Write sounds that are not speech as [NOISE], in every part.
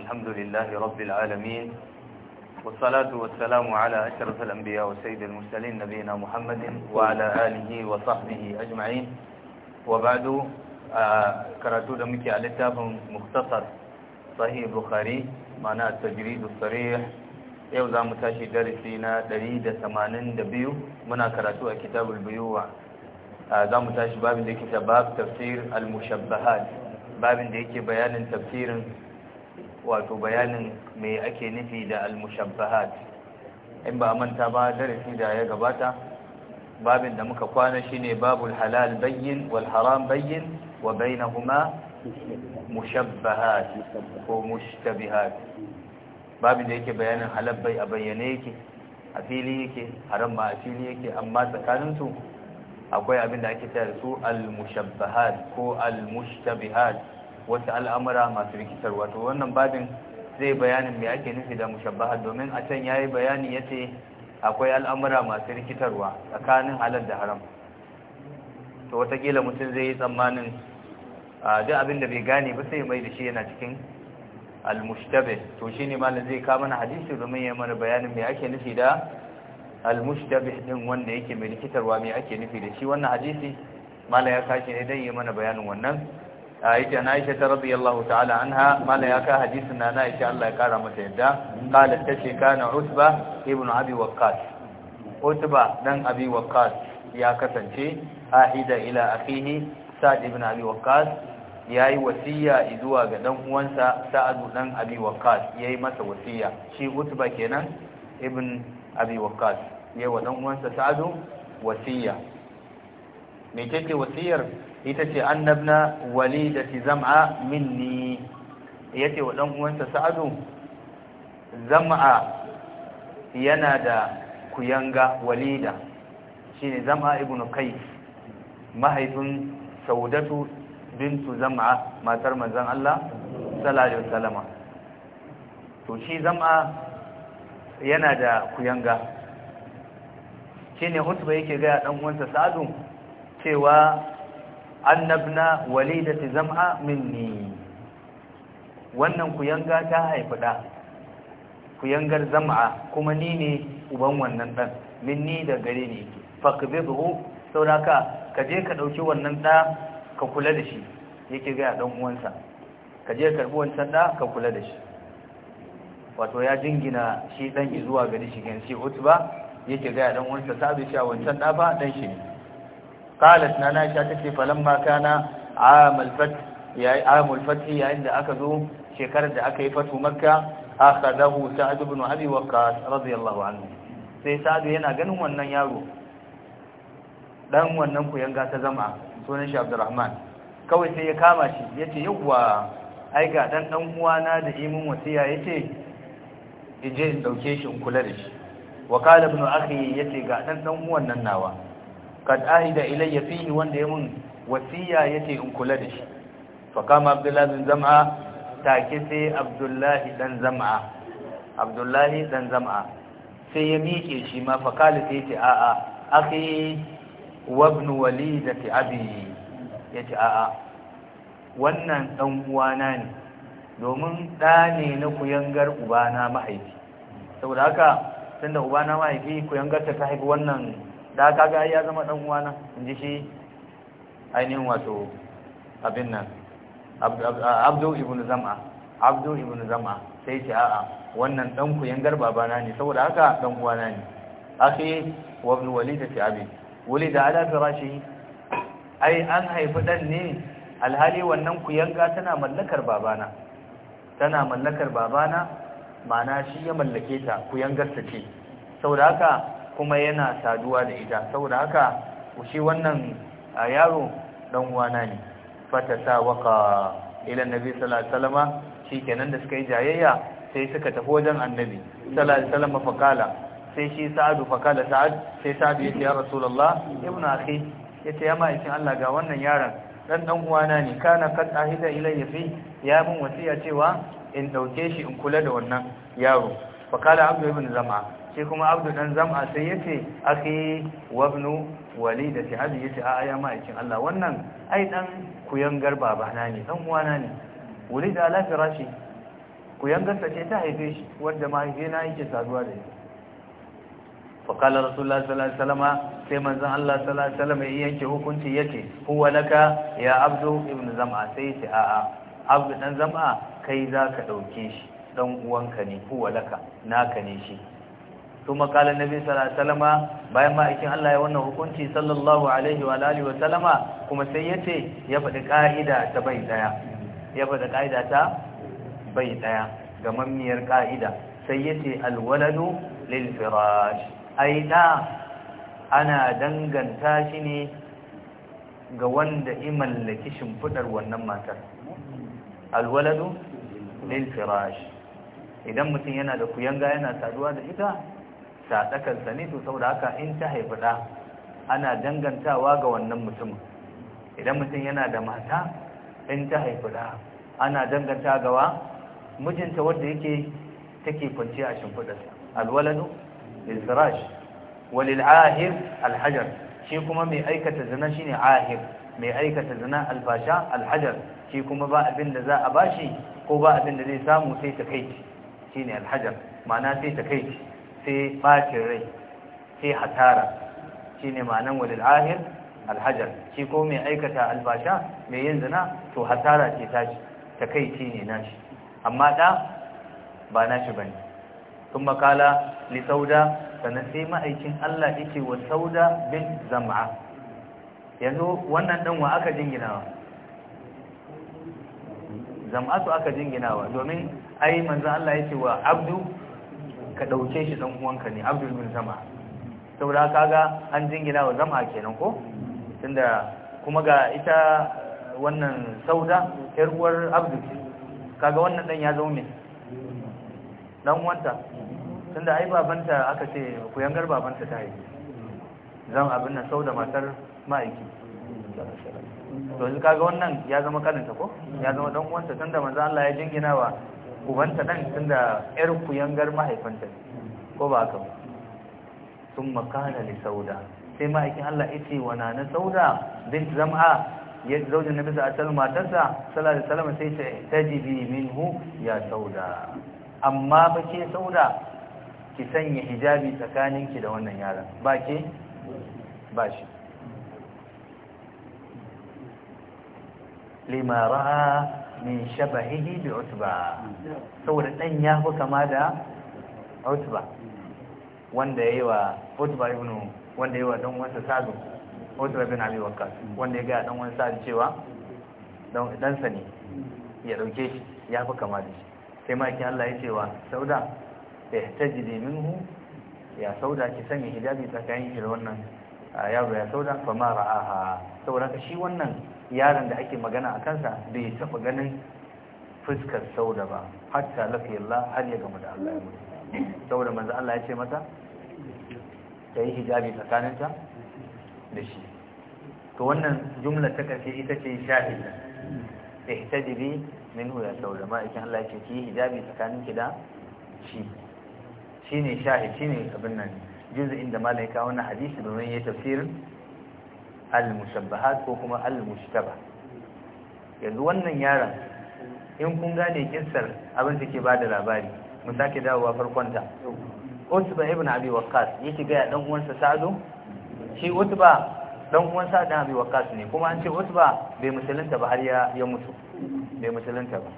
الحمد لله رب العالمين والصلاة والسلام على أشرف الأنبياء وسيد المرسلين نبينا محمد وعلى آله وصحبه أجمعين وبعد كراتو دمك على التابع مختصر صحيح بخاري معنى التجريد الصريح yau za mu tashi darasi na 182 muna karatu a kitabul buyuwa za mu tashi babin da yake shabab tafsir al-mushabbahat babin da yake bayanin tafsirin wato bayanin me ake nufi da al-mushabbahat in ba manta ba darasi da ya gabata babin da muka kwana shine babul halal bayyin wal haram bayyin wa bainahuma mushabbahat ko mushtabihat babin da yake bayanin halal bai a bayyane yake a fili yake haram ma a fili yake amma tsakanin su akwai abin da ake tare su al-mushabbahat ko al-mushtabihat wasu al'amura masu rikitar wato wannan babin zai bayanin mai ake nufi da mushabbaha domin a can ya yayi bayani ce akwai al'amura masu rikitarwa tsakanin halar da haram to watakila mutum zai yi tsammanin duk abin da bai gane ba sai mai da shi yana cikin al-mushtabih to ne malam zai kama mana hadisi domin ya mana bayanin mai ake nufi da al-mushtabih din wanda yake mai rikitarwa mai ake nufi da shi wannan hadisi malam ya kashe ne don yi mana bayanin wannan aisha na aisha ta allah ta'ala ha mala ya ka hadisin na na aisha Allah ya kara mata yadda kala ta ce kana utba ibn abi waqqas utba dan abi waqqas ya kasance ahida ila akhihi sa'd ibn abi waqqas yayi wasiya zuwa ga dan uwansa sa'ad dan abi waqqas yayi masa wasiya shi utba kenan ibn abi waqqas yayi wa dan uwansa sa'ad wasiya me take wasiyar ita ce annabna ti zam'a minni ce wa dan uwansa sa'adu zam'a yana da kuyanga walida ne zam'a ibnu kai mahaifin saudatu bintu zam'a matar manzan Allah salari salama to shi zam'a yana da kuyanga hutu ba yake gaya dan uwansa sa'adu cewa anna ibn walidati zam'a minni wannan kuyanga ta haifi da kuyangar zam'a kuma ni ne uban wannan dan minni da gare ni fakbidhu sauraka ka je ka dauki wannan da ka kula da shi yake ga dan uwansa ka je karbi wancan da ka kula da shi wato ya jingina shi dan zuwa gari shi gan shi utba yake ga dan uwansa sabi cewa wancan da ba dan shi ne qalat na na ta ce falamma kana amul fath yayin da aka zo shekarar da aka yi fatu makka akhadahu sa'd ibn abi waqqas radiyallahu anhu sai sa'd yana ganin wannan yaro dan wannan kuyanga ta zama sunan shi abdurrahman kawai sai ya kama shi yace yawwa ai ga dan dan uwana da imin wasiya yace ije in dauke shi in kula da shi wa nu ibn yace ga dan uwan nan nawa kad ahida ilayya fihi wanda ya mun wasiya yace in kula da shi fa kama abdullahi bin zam'a take sai abdullahi dan zam'a abdullahi dan zam'a sai ya miƙe shi ma fa kala sai yace a a akhi wa ibn walidati abi yace a wannan dan uwana ne domin da ne na kuyangar ubana mahaifi saboda haka tunda ubana mahaifi kuyangar ta haifi wannan da kaga ya zama dan uwana inji shi ainihin wato abin nan abdu ibn zam'a abdu ibn zam'a sai ce a'a wannan dan ku yangar babana ne saboda haka dan uwana ne akhi wa ibn walid fi abi walida ala firashi ai an haifi dan ne alhali wannan ku yanga tana mallakar babana tana mallakar babana ma'ana shi ya mallake ta ku yangar ta ce saboda haka kuma yana saduwa da ita saboda haka shi wannan yaro dan uwana ne ta waka ila nabi sallallahu alaihi wasallam shikenan da suka yi jayayya sai suka tafi wajen annabi sallallahu alaihi wasallam fakala sai shi sa'adu kala sa'ad sai sa'adu yace ya rasulullah ibnu akhi yace ya ma'aikin Allah ga wannan yaron dan dan uwana ne kana kad ahida ilayya fi ya mun wasiya cewa in dauke shi in kula da wannan yaro fakala abdu ibn zama shi kuma abdu dan zam'a sai yace wali da ke hajji ya yace a aya ma'aikin Allah wannan ai dan kuyangar babana ne dan uwana ne wulida da firashi kuyangar sa ce ta haife shi wadda wanda na yake saduwa da shi fa rasulullah sallallahu alaihi wasallam sai manzon Allah sallallahu alaihi wasallam yanke hukunci yace huwa laka ya abdu ibn zam'a sai yace a a abdu dan zam'a kai zaka dauke shi dan uwanka ne huwa laka naka ne shi kuma kala nabi sallallahu alaihi wasallam bayan ma aikin Allah ya wannan hukunci sallallahu alaihi wa alihi wa sallama kuma sai yace ya faɗi ka'ida ta bai daya ya faɗi ka'ida ta bai daya ga mammiyar ka'ida sai yace alwaladu lil firash aida ana danganta shi ne ga wanda i mallaki shimfidar wannan matar alwaladu lil firash idan mutum yana da kuyanga yana saduwa da ita shaɗakansa ne to saboda haka in ta haifi ɗa ana dangantawa ga wannan mutumin idan mutum yana da mata in ta haifi ɗa ana dangantawa gawa mijinta wanda yake take kwanciya a shimfiɗarsa alwaladu lizirash walil ahir alhajar shi kuma mai aikata zina shine ahir mai aikata zina albasha alhajar shi kuma ba abin da za a bashi ko ba abin da zai samu sai ta kai shine alhajar ma'ana sai ta kai sai ɓacin rai sai hatara shi ne ma'anan walil ahir alhajar shi ko mai aikata albasha mai yin zina to hatara ce tashi ta kai ci ne nashi amma ɗa ba nashi ba ne sun makala li lisauda sannan sai ma'aikin allah yake wa sauda bin zama'a yanzu wannan ɗan wa aka jinginawa zama'atu aka jinginawa domin ai manzan allah yake wa abdu ka ɗauke shi ɗan uwanka ne abdul min zama saboda kaga an jingina wa zama kenan ko tunda kuma ga ita wannan sauda yar uwar abdul kaga wannan ɗan ya zo ne Ɗan uwanta tunda ai babanta aka ce ku yangar babanta ta yi zan abin nan sauda matar ma'aiki to kaga wannan ya zama kaninta ko ya zama ɗan uwanta tunda manzo Allah ya jingina wa ubanta ɗan tun da ‘yar kuyangar mahaifanta ko ba haka sun makana da sauda sai ma'aikin Allah ita wa na na sauda bin zama ya zaujin na bisa a salon matarsa salari salama sai ta jibi minhu ya sauda amma ba ke sauda ki sanya hijabi tsakaninki da wannan yaran ba ke ba shi lima ra'a min shabahihi bi utba saboda dan ya fi kama da utba wanda yayi wa utba ibn wanda yayi wa dan wasa sadu utba bin abi waqqas wanda ya ga dan wasa sadu cewa dan dan sa ne ya dauke shi ya fi kama da shi sai ma kin Allah ya ce wa sauda ihtajidi minhu ya sauda ki sanya hijabi tsakanin shi da wannan yaro ya sauda fa ma ra'aha saboda shi wannan yaron da ake magana a kansa bai taɓa ganin fuskar sauda ba hatta lafiyallah har ya gamu da Allah ya mutu saboda manzo Allah ya ce mata ta yi hijabi tsakaninta da shi to wannan jumla ta ƙarshe ita ce shahida ihtajibi minhu ya sauda ma ikin Allah ya ce ki hijabi tsakanin ki da shi shine shahid shine abin nan juz'in da malaika wannan hadisi domin ya tafsirin al-mushabbahat ko kuma al-mushtaba yanzu wannan yaran in kun gane kissar abin da ke bada labari mun sake dawowa farkon ta Utba ibn Abi Waqqas yake ga dan uwansa Sa'du shi Utba dan uwan Sa'd Abi Waqqas ne kuma an ce Utba bai musulunta ba har ya ya mutu bai musulunta ba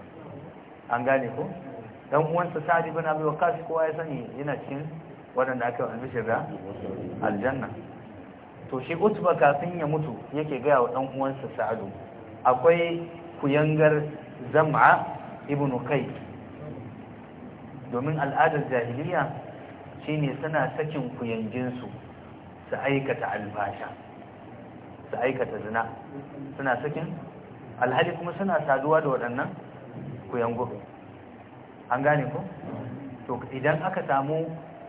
an gane ko dan uwansa Sa'd ibn Abi Waqqas kowa ya sani yana cikin waɗanda aka yi albishir da aljanna to shi utba kafin ya mutu yake gaya wa ɗan uwansa sa'adu akwai kuyangar zam'a ibn kai domin al'adar jahiliya shine suna sakin kuyanginsu su aikata albasha su aikata zina suna sakin alhali kuma suna saduwa da waɗannan kuyangu an gane ku to idan aka samu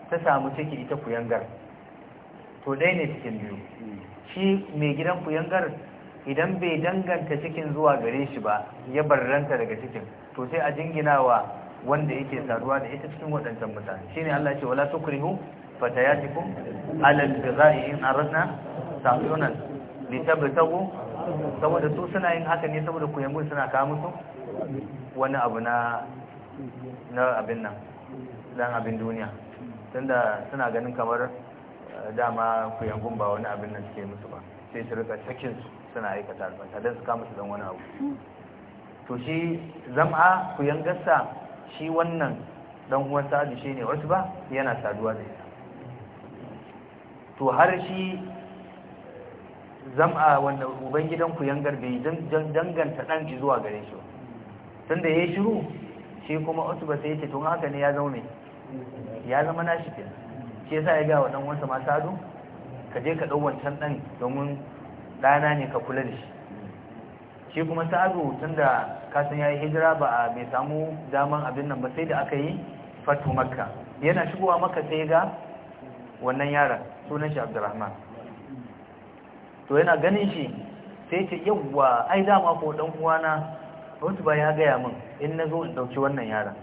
ta samu ciki ita kuyangar to dai ne cikin biyu shi mai gidan ku idan bai danganta cikin zuwa gare shi ba ya barranta daga cikin to sai a jinginawa wanda yake saduwa da ita cikin waɗancan mutane shine Allah ya ce wala tukrihu fatayatikum ala al ghazai in aradna ta'tunan tabtagu saboda su suna yin haka ne saboda ku yangun suna kawo musu wani abu na na abin nan dan abin duniya tunda suna ganin kamar dama ku yankun ba wani abin nan suke musu ba sai su rika cikin su suna aikata albarka don su kama su don wani abu to shi zama ku yangarsa shi wannan dan uwan sa'adu shi ne wasu ba yana saduwa da ita to har shi zama wanda ubangidan ku yangar bai danganta dan zuwa gare shi da yayi shiru shi kuma wasu ba sai ya ce tun haka ne ya zaune ya zama nashi kenan shi sa ya ga wa dan ma sadu ka je ka dau wancan dan domin dana ne ka kula da shi shi kuma sa'adu tunda ka san yayi hijira ba a mai samu daman abin nan ba sai da aka yi fatu makka yana shigowa maka sai ga wannan yaran sunan shi abdurrahman to yana ganin shi sai ce yawwa ai dama ko dan uwana wasu ba ya gaya min in na zo in ɗauki wannan yaran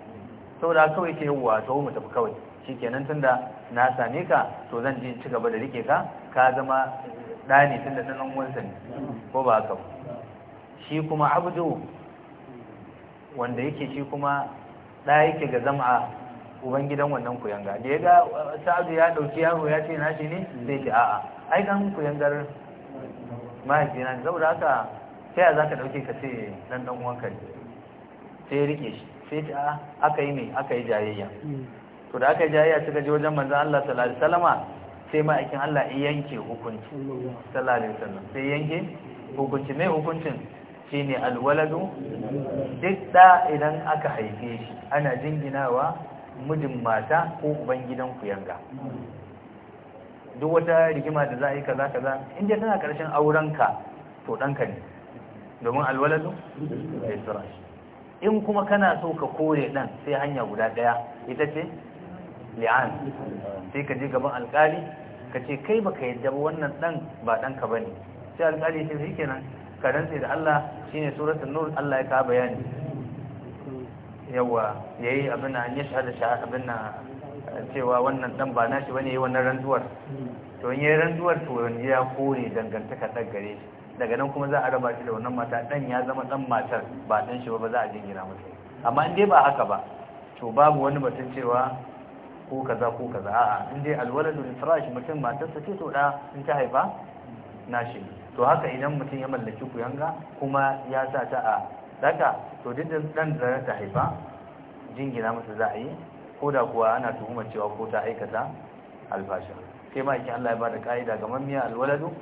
saboda kawai ce yawwa to mu tafi kawai shikenan tunda na same ka to zan je ci gaba da rike ka ka zama ɗani tun da nan wansa ne ko ba ka shi kuma abdu wanda yake shi kuma ɗa yake ga zama ubangidan wannan kuyanga da ya ga sa'adu ya ɗauki yaro ya ce nashi ne zai ce a'a ai kan kuyangar mahaifina ne zaura haka sai za ka ɗauke ka ce ɗan ɗan uwanka ne sai rike shi sai ta aka yi ne aka yi jayayya hmm. to da aka jayya suka je wajen manzan Allah sallallahu alaihi wasallama sai ma'aikin Allah ya yanke hukunci sallallahu alaihi wasallam sai yanke hukunci mai hukuncin shine alwaladu duk da idan aka haife shi ana jinginawa mijin mata ko uban gidan ku yanga duk wata rigima da za a yi kaza kaza in dai tana karshen aurenka to danka ne domin alwaladu da in kuma kana so ka kore dan sai hanya guda daya ita ce li'an sai ka je gaban alkali ka ce kai baka yadda wannan dan ba dan ka bane sai alkali sai shikenan ka rantsa da Allah shine suratul nur Allah ya ka bayani yawa yayi abin an ya shahada shi abin cewa wannan dan ba nashi bane yayi wannan rantsuwar to in yayi rantsuwar to ya kore dangantaka dan gare shi daga nan kuma za a raba shi da wannan mata dan ya zama dan matar ba dan shi ba za a jingina masa amma in dai ba haka ba to babu wani batun cewa ko kaza ko kaza a'a in dai alwaladul firash mutum matarsa ce to da in ta haifa nashi to haka idan mutum ya mallaki kuyanga kuma ya sa ta a daka to duk dan da ta haifa jingina masa za a yi ko da kuwa ana tuhumar cewa ko ta aikata alfasha sai ma yake Allah ya bada kaida ga mamiya alwaladu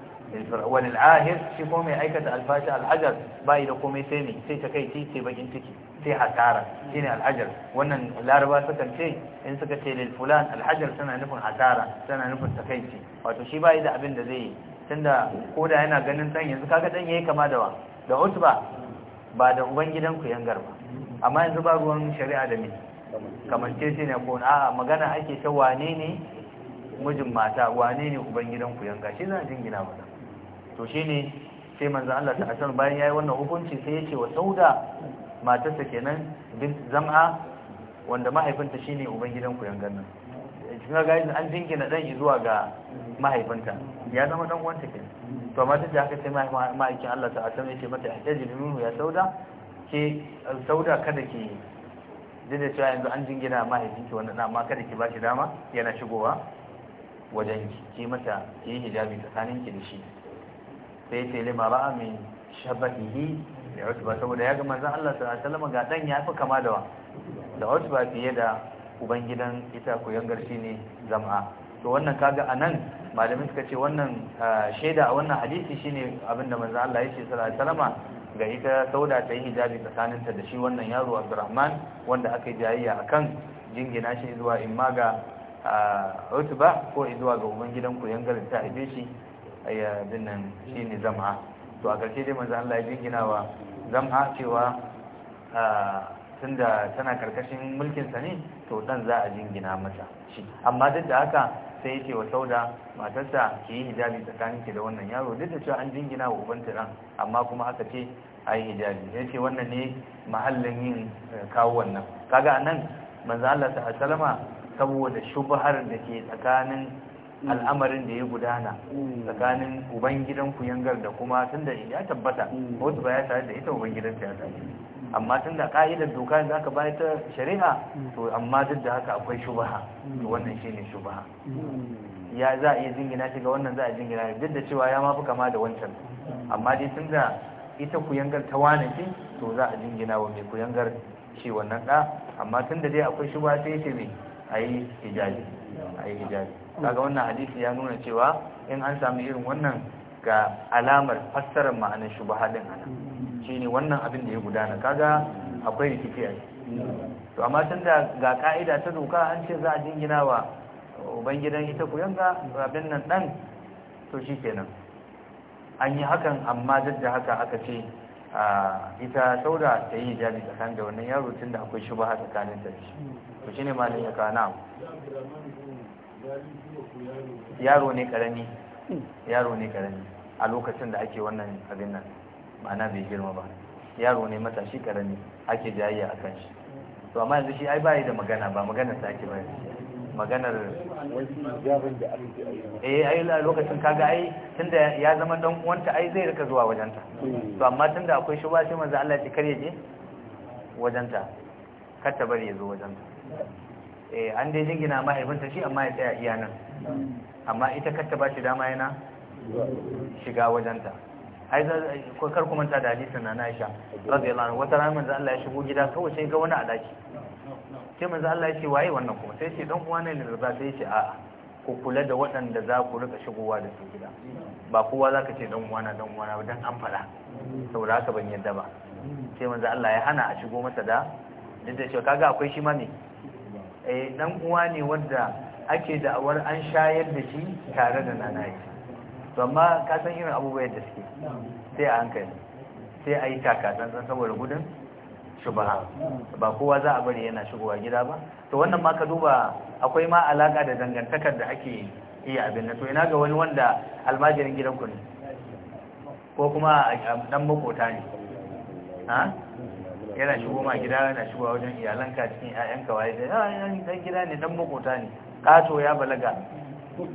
walil ahir shi ko mai aikata alfasha alhajar bai da komai sai ne sai ta kai sai bakin ciki sai asara shine alhajar wannan laraba sukan ce in suka ce lil fulan alhajar tana nufin asara tana nufin takaici wato shi bai da abin da zai yi tunda koda yana ganin dan yanzu kaga dan yayi kama da wa da utba ba da gidan ku yangar ba amma yanzu ba ruwan shari'a da me kamar ce ne ko a'a magana ake ta wane ne mijin mata wane ne uban gidan ku yanka shi zan jingina ba to shine sai manzo Allah ta bayan yayi wannan hukunci sai ya ce wa sauda matarsa kenan bin zam'a wanda mahaifinta shine ubangidan ku yangan nan kuma ga an jingina dan zuwa ga mahaifinta ya zama dan uwanta kenan to amma duk da haka sai ma'aikin Allah ta asama yace mata ihtaji minhu ya sauda ke eh, sauda kada ke dinda cewa yanzu an jingina mahaifinki wannan dan amma kada ki ba shi dama yana shigowa wajen ki mata ki hijabi tsakaninki da shi sai ce lima ra'a min shabahihi da Utba saboda ya ga manzon Allah sallallahu alaihi ga dan ya fi kama da wa da Utba fiye da ubangidan ita ku yangar ne Zam'a to wannan kaga anan malamin suka ce wannan shaida a wannan hadisi shine abinda manzo Allah ya ce sallallahu alaihi ga ita sauda ta yi hijabi tsakaninta da shi wannan yaro Abdurrahman wanda aka yi jayayya akan jingina shi zuwa imma ga Utba ko zuwa ga ubangidan ku yangar ta aibe shi nan shi shine zama to a ƙarshe dai manzo Allah ya jingina wa zama cewa tun da tana karkashin mulkinsa ne to dan za a jingina mata shi amma duk da haka sai yake wa sauda matarsa ke yi hijabi tsakanin ki da wannan yaro duk da cewa an jingina wa ubanta ran amma kuma aka ce a yi hijabi ya ce wannan ne mahallin yin e, kawo wannan kaga anan manzo Allah ta salama saboda shubhar da ke tsakanin Mm. al'amarin da ya gudana mm. tsakanin ubangidan ku yangar da kuma tun da ya tabbata wasu mm. ba ya tare da ita ubangidan ta ya tare amma da ka'idar doka da aka bayar ta shari'a to amma duk da haka akwai shubaha to wannan shi ne shubaha ya za a iya jingina shi ga wannan za a jingina duk da cewa ya ma fi kama da wancan amma dai tun da ita kuyangar ta wane ce to za a jingina wa mai kuyangar shi wannan ɗa amma tun da dai akwai shubaha sai ce mai a yi hijabi a yi hijabi kaga wannan hadisi ya nuna cewa in an sami irin wannan ga alamar fassarar ma'anar shubha din ana shine wannan abin da ya gudana kaga akwai rikici a to amma tun da ga ka'ida ta doka an ce za a jingina wa ubangidan ita ku yanga abin nan dan to kenan an yi hakan amma duk da haka aka ce ita saura ta yi jami tsakanin da wannan yaro tun da akwai shubha tsakanin ta shi to shine malamin ya kana na'am yaro ne karami yaro ne karami a lokacin da ake wannan abin nan ma'ana bai girma ba yaro ne matashi karami ake jayayya a kan shi to amma yanzu shi ai bayi da magana ba maganar sa ake bayar maganar eh ai lokacin kaga ai tunda ya zama dan uwanta ai zai rika zuwa wajenta to amma tunda akwai ba shi manzo Allah ya kare je wajenta kar ta bari ya zo wajenta eh an dai jingina mahaifinta shi amma ya tsaya iya nan amma ita kacce ba shi dama yana shiga wajenta ai ko kar kuma ta da hadisin na Aisha radiyallahu anha wata rana manzo Allah ya shigo gida kawai sai ga wani a daki sai manzo Allah ya ce waye wannan kuma sai ce dan uwa ne da sai ce a'a ku kula da waɗanda za ku rika shigowa da su gida ba kowa za ka ce dan uwa na dan uwa na dan an fada saboda haka ban yadda ba sai manzo Allah ya hana a shigo masa da duk da cewa kaga akwai shi ma ne Eh, dan uwa ne wanda ake da da'awar an shayar da shi tare da nanaye to amma ka san irin abubuwa da suke sai a hankali sai a yi takatsantsan saboda gudun shubaha ba kowa za a bari yana shigowa gida ba to wannan ma ka duba akwai ma alaka da dangantakar da ake iya abin da to ina ga wani wanda almajirin gidanku ne ko kuma ah, dan makota ne ah? yana shigo ma gida yana shigo wajen iyalanka cikin ƴaƴanka waye da yan dan gida ne dan makota ne kato ya balaga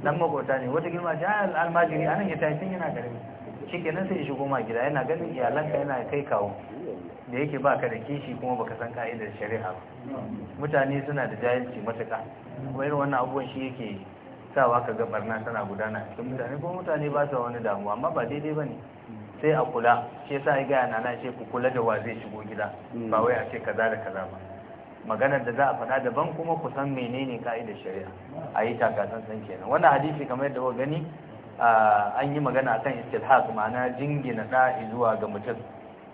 dan makota ne wata girma ja ah, almajiri anan ya tafi yana gare shikenan sai ya shigo ma gida yana ganin iyalanka yana kai kawo da yake baka da kishi kuma baka san ka'idar shari'a ba mutane suna da jahilci matuƙa kuma irin wannan abubuwan shi yake sawa ka ga barna tana gudana cikin mutane ko mutane ba su wani damuwa amma ba daidai ba ne sai a kula shi yasa ga gaya nana ce ku kula da wa zai shigo gida mm. ba wai a ce kaza da kaza ba maganar da za a faɗa daban kuma ku san menene ka'idar shari'a a yi takasan san kenan wannan hadisi kamar yadda kuka gani an yi magana akan istilhaq ma'ana jingina da zuwa ga mutum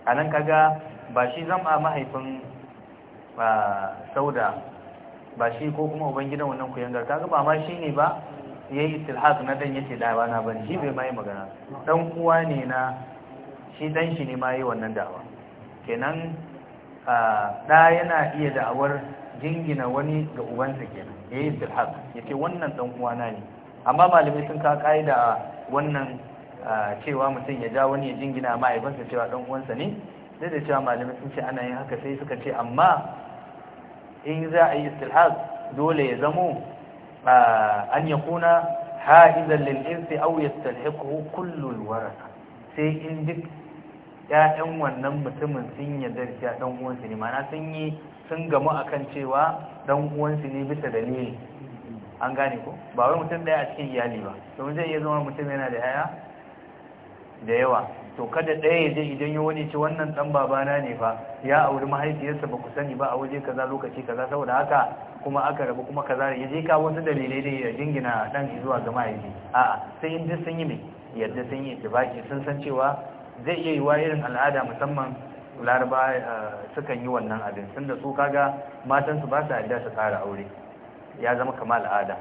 anan kaga ba shi zama mahaifin sauda ba shi ko kuma ubangidan wannan kuyangar kaga ba ma shi ne ba yayi istilhaq na dan yace da bana ban shi bai mai magana dan uwa ne na shi dan shi ne ma yi wannan da'awa kenan da yana iya da'awar jingina wani ga ubansa kenan ya yi yayi ya ce wannan dan uwana ne amma malamai sun ka kaida a wannan cewa mutum ya ja wani ya jingina mahaifinsa cewa dan uwansa ne sai da cewa malamai sun ce ana yin haka sai suka ce amma in za a yi istilhaq dole ya zamo an yakuna ha'izan lil irsi aw yastalhiquhu sai in duk ya'yan wannan mutumin sun yarda da a dan uwansu ne ma'ana sun yi sun gamu akan cewa dan uwansu ne bisa dalili an gane ko ba wai mutum daya a cikin iyali ba domin zai iya zama mutum yana da yaya da yawa to kada ɗaya ya je idan ya wani ci wannan ɗan babana ne fa ya auri mahaifiyarsa ba ku sani ba a waje kaza lokaci kaza saboda haka kuma aka rabu kuma kaza ya je ka wasu dalilai da ya jingina ɗan zuwa ga mahaifi a'a sai in duk sun yi mai yadda sun yi itibaki sun san cewa zai iya wa irin al'ada musamman laraba eh, sukan yi wannan abin sun da su kaga matansu ba su yarda su ƙara aure ya zama kama al'ada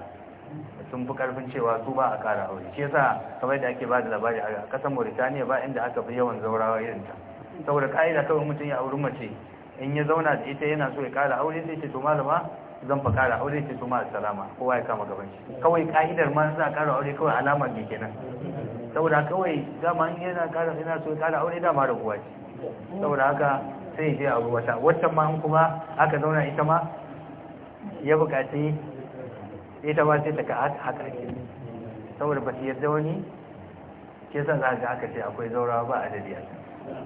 sun fi karfin cewa su ba a ƙara aure shi yasa kamar da ake ba da labari a kasan Mauritania ba inda aka fi yawan zaurawa irin ta saboda ka'ida kawai mutum ya auri mace in ya zauna da ita yana so ya ƙara aure sai ce to malama zan fa kara aure sai to ma salama kowa ya kama gaban shi kawai ka'idar ma za a ƙara aure kawai alama ne kenan saboda kawai dama in yana kara yana so kara aure dama da kuwa ce saboda haka sai ya je a wata waccan ma kuma aka zauna ita ma ya bukaci ita ma sai ta ka haka ake saboda ba su yarda wani ke sa za aka ce akwai zaurawa ba adadi a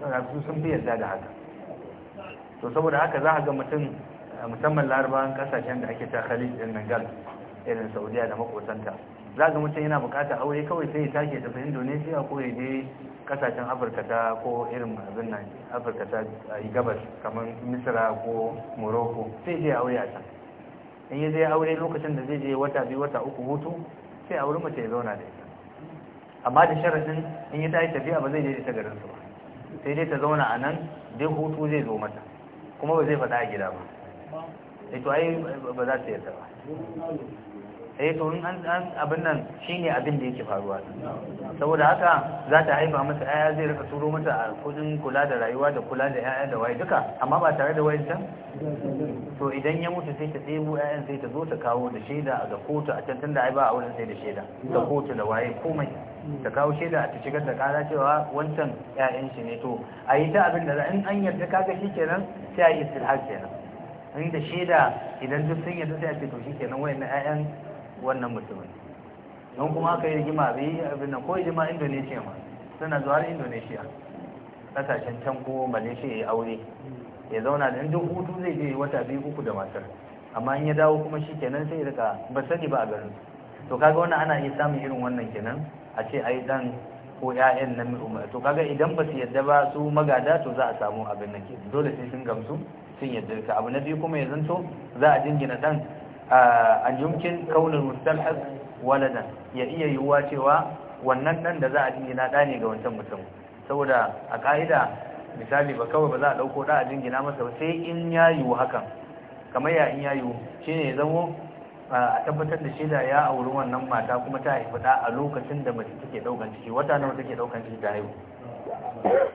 saboda su sun fi yarda da haka to saboda haka za a ga mutum musamman larabawan kasashen da ake ta khalid din nan gal irin saudiya da makotanta za ga mutum yana bukatar aure kawai sai ya tashi tafi indonesia ko ya je kasashen afirka ta ko irin abin nan afirka ta gabas kamar misira ko morocco sai je aure a can in ya zai aure lokacin da zai je wata biyu wata uku hutu sai aure mace ya zauna da ita amma da sharaɗin in ya tashi tafiya ba zai je ta garin su ba sai dai ta zauna a nan duk hutu zai zo mata kuma ba zai faɗa a gida ba ai eh to ai ba za ta yarda ba eh to in an abin nan shine abin da yake faruwa saboda haka za ta haifa masa aya zai rika turo mata a kudin kula da rayuwa da kula da yaya da waye duka amma ba tare da waye can to idan ya mutu sai ta tsebo yayan sai ta zo ta kawo da shaida ga kotu a can tunda ai ba a wurin sai da shaida da kotu da waye komai ta kawo shaida a ta shigar da kara cewa wancan yayan shi ne to a yi ta abin da in an yarda kaga kenan sai a yi istilhaq kenan inda shaida idan duk sun yarda sai a ce to kenan wayannan yayan wannan mutumin don kuma aka yi rigima bai abin nan ko rigima indonesia ma suna zuwa har indonesia kasashen can ko malaysia ya aure ya zauna da duk hutu zai je wata biyu uku da matar amma in ya dawo kuma shi kenan sai rika ba sani ba a garin to kaga wannan ana iya samun irin wannan kenan a ce ai dan ko ƴaƴan nan umar to kaga idan ba su yadda ba su magada to za a samu abin nan dole sai sun gamsu sun yadda ka abu na biyu kuma ya zanto za a jingina dan an yumkin kaunin mustalhaz walada ya iya yiwuwa cewa wannan dan da za a jingina ɗa ne ga wancan mutum saboda a ka'ida misali ba kawai ba za a ɗauko da a jingina masa sai in ya yiwu hakan kamar ya in ya yiwu shi ne zamo a tabbatar da shi da ya auri wannan mata kuma ta haifi da a lokacin da mace take daukan ciki wata nawa take daukan ciki ta haihu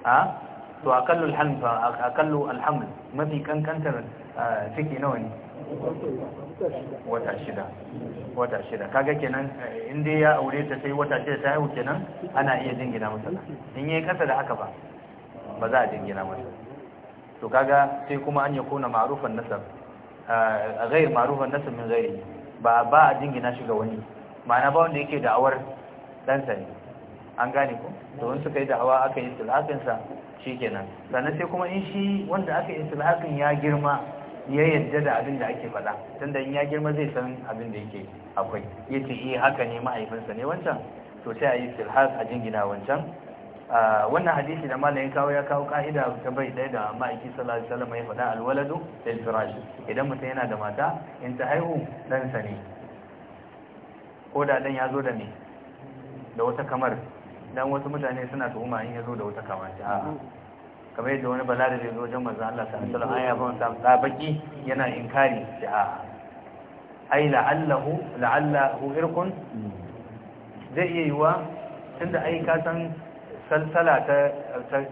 a to akallu alhamd akallu alhamd mafi kankantar ciki nawa ne wata shida wata shida kaga kenan eh, in dai ya aure ta sai wata shida ta wuce nan ana iya jingina masa in yayi kasa da haka ba ba za a jingina masa to kaga sai kuma an yakuna ma'rufan nasab eh, ghair ma'rufan nasab min ghairi ba ba a jingina shi ga wani ma'ana ba wanda yake da'awar dan sa ne an gane ko to wani suka yi da'awa aka yi sulhakin sa shikenan sannan sai kuma in shi wanda aka yi sulhakin ya girma ya yadda da abin da ake faɗa tunda in ya girma zai san abin da yake akwai yace eh haka ne mahaifinsa ne wancan to sai a yi silhas a jingina wancan wannan hadisi da malamin kawo ya kawo ka'ida ta bai ɗaya da ma'aiki sallallahu alaihi wasallam ya faɗa alwaladu lil firash idan mutum yana da mata in ta haihu dan sa ne ko da dan ya zo da ne da wata kamar dan wasu mutane suna tuhuma in ya zo da wata kamar a'a kamar yadda wani balarabe da zo wajen manzo Allah sallallahu alaihi wasallam aya ban sa tsabaki yana inkari da a ai la'allahu la'allahu irkun zai iya wa tunda ai ka san salsala ta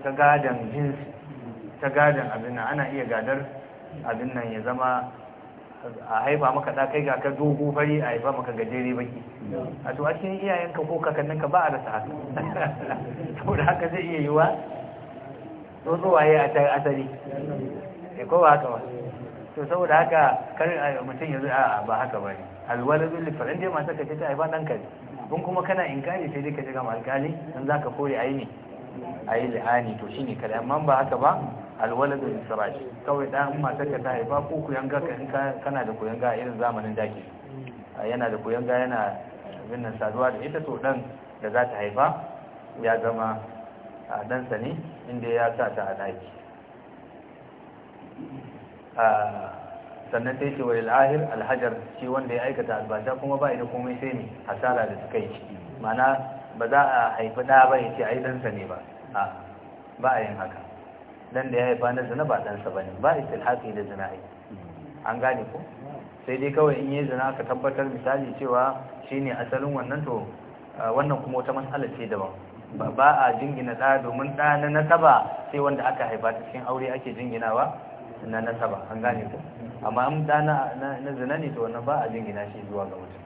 ta gadan jinsi ta gadan abin nan ana iya gadar abin nan ya zama a haifa maka da kai ga ka dogo fari a haifa maka gajere baki a to a cikin iyayenka ko kakanninka ba a rasa haka [LAUGHS] da haka zai iya yiwa tsotso waye a asali ya eh, ko ba haka ba to saboda haka kar mutum yanzu a ba haka ba ne alwaladu li faran dai masu kace ta ai ba dan kare kun kuma kana inkari sai dai ka shiga alkali dan zaka kore ai ne ai lihani to shine kare amma ba haka ba alwaladu li faraji kawai dan masu ka ta haifa ko ku yanga ka kana da ku yanga irin zamanin daki yana da ku yanga yana binnan saduwa da ita to dan da za ta haifa ya zama dan sa ne inda ya sa ta a daki sannan yi ce wani ahir alhajar shi wanda ya aikata albasa kuma ba ida komai sai ne hasara da suka yi mana ba za a haifi ɗaya ba ya ce a yi dansa ne ba a ba a yin haka don da ya haifa na zina ba dansa ne ba istilhaqi da zina yi an gane ko sai dai kawai in yi zina ka tabbatar misali cewa shi ne asalin wannan to wannan kuma wata mas'ala ce daban ba a jingina ɗa domin ɗa na nasaba sai wanda aka haifa ta cikin aure ake jinginawa na nasaba an gane ku amma an ɗa na zina ne to wannan ba a jingina shi zuwa ga mutum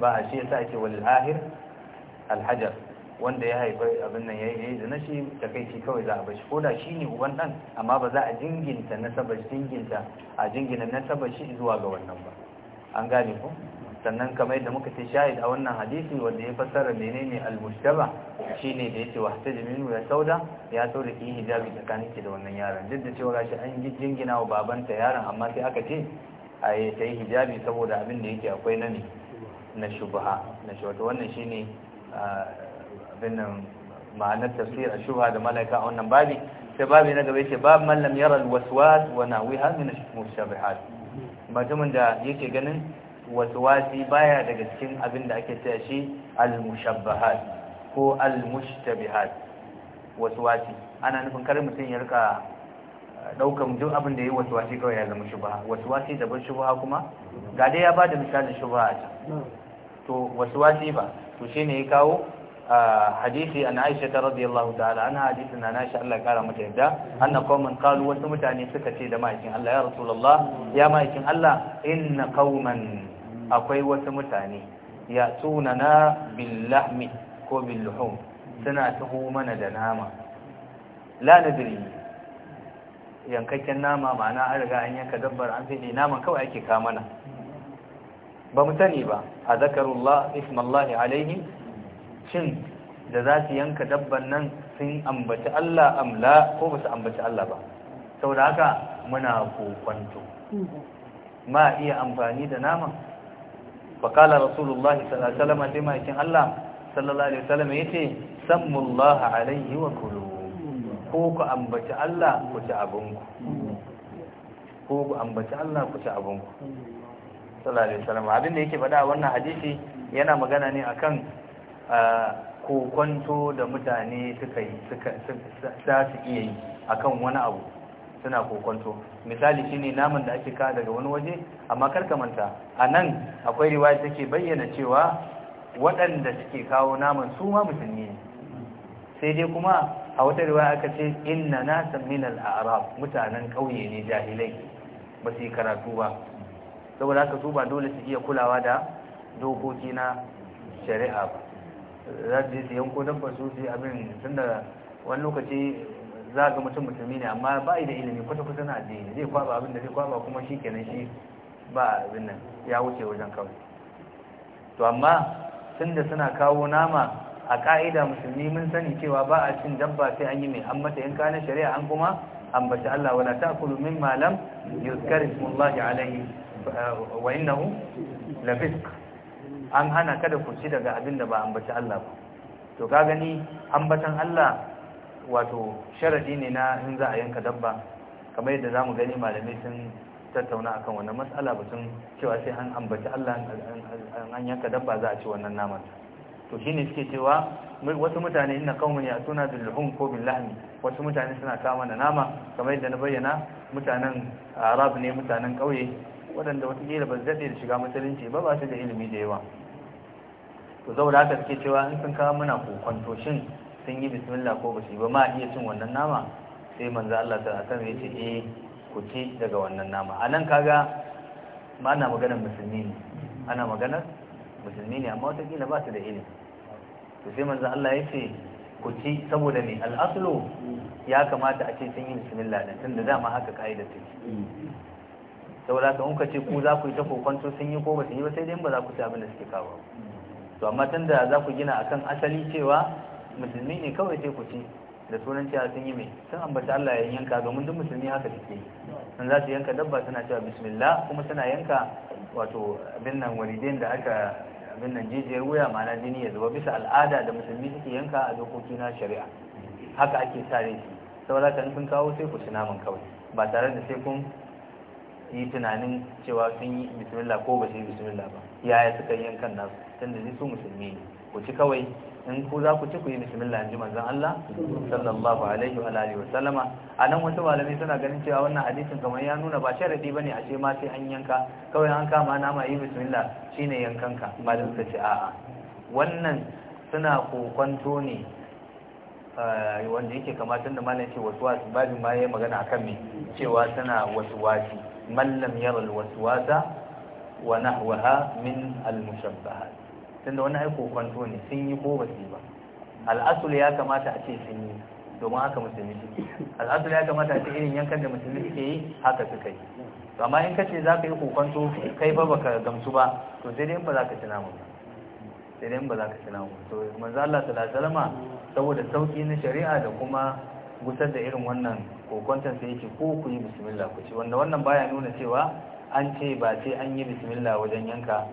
ba a shi yasa ake wani lahir alhajar wanda ya haifa abin nan ya yi zina shi ta kai shi kawai za a bashi ko da shi ne uban ɗan amma ba za a jinginta nasabar jinginta a jingina nasabar shi zuwa ga wannan ba an gane ku sannan kamar yadda muka ce shahid a wannan hadisi wanda ya fassara menene al-mushtaba shine da yace wahtaj minu ya sauda ya sauda ki hijabi tsakanin ki da wannan yaron duk da cewa gashi an jingina wa babanta yaron amma sai aka ce ai ta yi hijabi saboda abin da yake akwai na ne na shubha na shubha wannan shine abin nan ma'anar tafsir a shubha da malaka a wannan babi sai babi na gaba yace bab man lam yara al-waswas wa nawiha min al-mushtabihat mutumin da yake ganin waswasi baya daga cikin abin da ake cewa shi al-mushabbahat ko al-mushtabihat waswasi ana nufin kar mutum ya rika daukan eh, duk abin da yayi waswasi kawai ya zama shubha waswasi da ban shubha kuma ga dai ya bada misalin shubha to waswasi ba to shine ya kawo hadisi an Aisha ta radiyallahu ta'ala an hadisi na Aisha Allah ya kara mata yadda anna qauman qalu wasu mutane suka ce da ma'aikin Allah ya rasulullah ya ma'aikin Allah inna qauman akwai wasu mutane ya tunana billahmi ko billuhum suna taho mana da nama la nadri yankakken nama ma'ana an riga an yanka dabbar an sai naman kawai ake ka mana ba mu sani ba a zakarullah ismallahi alaihi shin da za su yanka dabban nan sun ambaci Allah amla ko ba su ambaci Allah ba sau da haka muna kokwanto ma iya amfani da naman fakala rasulullah sallallahu alaihi wasallam Allah sallallahu alaihi wasallam yace sammullaha alaihi wa kulu ko ku ambaci Allah ku ci abinku ko ku ambaci Allah ku ci abinku sallallahu alaihi wasallam abinda yake faɗa wannan hadisi yana magana ne akan kokonto da mutane suka yi za su iya yi akan wani abu suna kokonto misali shine naman da ake ka daga wani waje amma karka manta a nan akwai riwaya take bayyana cewa waɗanda suke kawo naman su ma musulmi ne sai dai kuma a wata riwaya aka ce inna na min arab mutanen ƙauye ne jahilai ba su yi karatu ba saboda haka su ba dole su iya kulawa da dokoki na shari'a ba za su je yanko don su su abin da wani lokaci za ga mutum mutumi ne amma ba da ilimi kwata-kwata na addini zai kwaba abin da zai kwaba kuma shi kenan shi ba abin nan ya wuce wajen kawai to amma da suna kawo nama a ka'ida musulmi mun sani cewa ba a cin dabba sai an yi mai an mata yanka na shari'a an kuma ambaci Allah wala ta'kulu mimma lam yuzkar ismullahi alaihi wa innahu an hana kada ku ci daga abin da ba ambaci Allah ba to ka gani ambatan Allah wato sharadi ne na in za a yanka dabba kamar yadda zamu gani malamai sun tattauna akan wannan mas'ala batun cewa sai an ambaci Allah an yanka dabba za a ci wannan naman to shine suke cewa wasu mutane inna qaumun ya'tuna bil luhum ko bil lahmi wasu mutane suna kawo mana nama kamar yadda na bayyana mutanen Arab ne mutanen kauye waɗanda wata gila ba su daɗe da shiga musulunci ba ba su da ilimi da yawa to saboda haka suke cewa in sun kawo muna kokonto shin sun yi bismillah ko basu yi ba ma iya cin wannan nama sai manzo Allah ta san ya ce eh ku ci daga wannan nama anan kaga ma ana maganar musulmi ne ana maganar musulmi ne amma wataƙila ba su da ilimi to sai manzo Allah ya ce ku ci saboda al-aslu ya kamata a ce sun yi bismillah din tunda dama haka kaida ce saboda ka in ka ce ku za ku yi ta kokonto sun yi ko ba yi ba sai dai ba za ku ci abin da suke kawo to amma da za ku gina akan asali cewa musulmi ne kawai sai ku ci da sunan cewa sun yi mai sun ambata Allah ya yanka ga mun duk musulmi haka take sun za su yanka dabba suna cewa bismillah kuma suna yanka wato abin nan walidin da aka abin nan jijiyar wuya ma'ana jini ya zuba bisa al'ada da musulmi suke yanka a dokoki na shari'a haka ake sare shi saboda kan sun kawo sai ku ci naman kawai ba tare da sai kun yi tunanin cewa sun yi bismillah ko ba su yi bismillah ba yaya suka yi yankan nasu tun ni su musulmi ku ci kawai in ku za ku ci ku yi bismillah ji manzon Allah sallallahu alaihi wa alihi wa sallama anan wasu malamai suna ganin cewa wannan hadisin kamar ya nuna ba sharadi bane a ce ma sai an yanka kawai an kama nama yi bismillah shine yankanka malam suka ce a'a wannan suna kokonto ne eh, wanda yake kamata da malam ce wasu babin ma yi magana akan me cewa suna wasu mallam lam yara wa nahwaha min al-mushabbahat tunda wani aiko kwanto ne sun yi ko ba ba al'asul ya kamata a ce sun yi domin haka musulmi suke al'asul ya kamata a ce irin yankan da musulmi suke yi haka suka yi amma in kace za ka yi kokonto kai ba baka gamsu ba to sai dai ba za ka ci namu ba sai dai ba za ka ci namun to manzo Allah sallallahu alaihi saboda sauki na shari'a da kuma gusar da irin wannan kokonton sai yake ko ku yi bismillah ku ci wanda wannan baya nuna cewa an ce ba sai an yi bismillah wajen yanka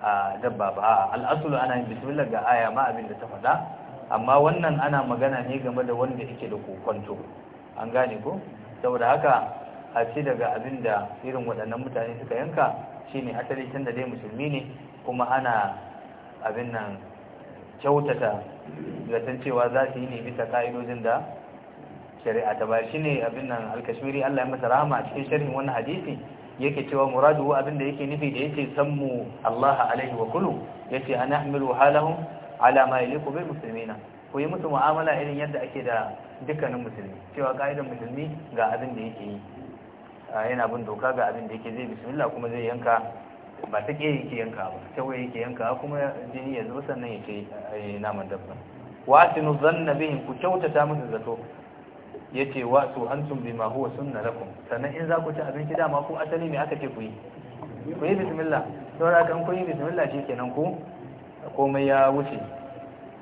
a dabba ba al'asulu ana yin bismillah ga aya ma abin da ta faɗa amma wannan ana magana ne game da wanda yake da kokonto an gane ko saboda haka a ce daga abin da irin waɗannan mutane suka yanka shine asali tun da dai musulmi ne kuma ana abin nan kyautata zaton cewa za su yi ne bisa ka'idojin da shari'a ta ba ne abin nan alkashmiri Allah ya masa rahama cikin sharhin wani hadisi yake cewa muradu muraduhu abinda yake nufi da yace sammu Allah alaihi wa kullu yace ana hamilu halahum ala ma yaliku bil muslimina ku yi musu mu'amala irin yadda ake da dukkanin musulmi cewa ka'idan musulmi ga abin da yake yi yana bin doka ga abin da yake zai bismillah kuma zai yanka ba ta ke yake yanka ba ta waye yake yanka kuma jini ya zuba sannan yake eh, naman dabba wa sinu zanna bihim ku kyautata musu zato yace wa su antum bima huwa sunna lakum sannan in za ku ci abinci dama ku asali me aka ce ku yi ku yi bismillah don haka in ku yi bismillah kenan ku komai ya wuce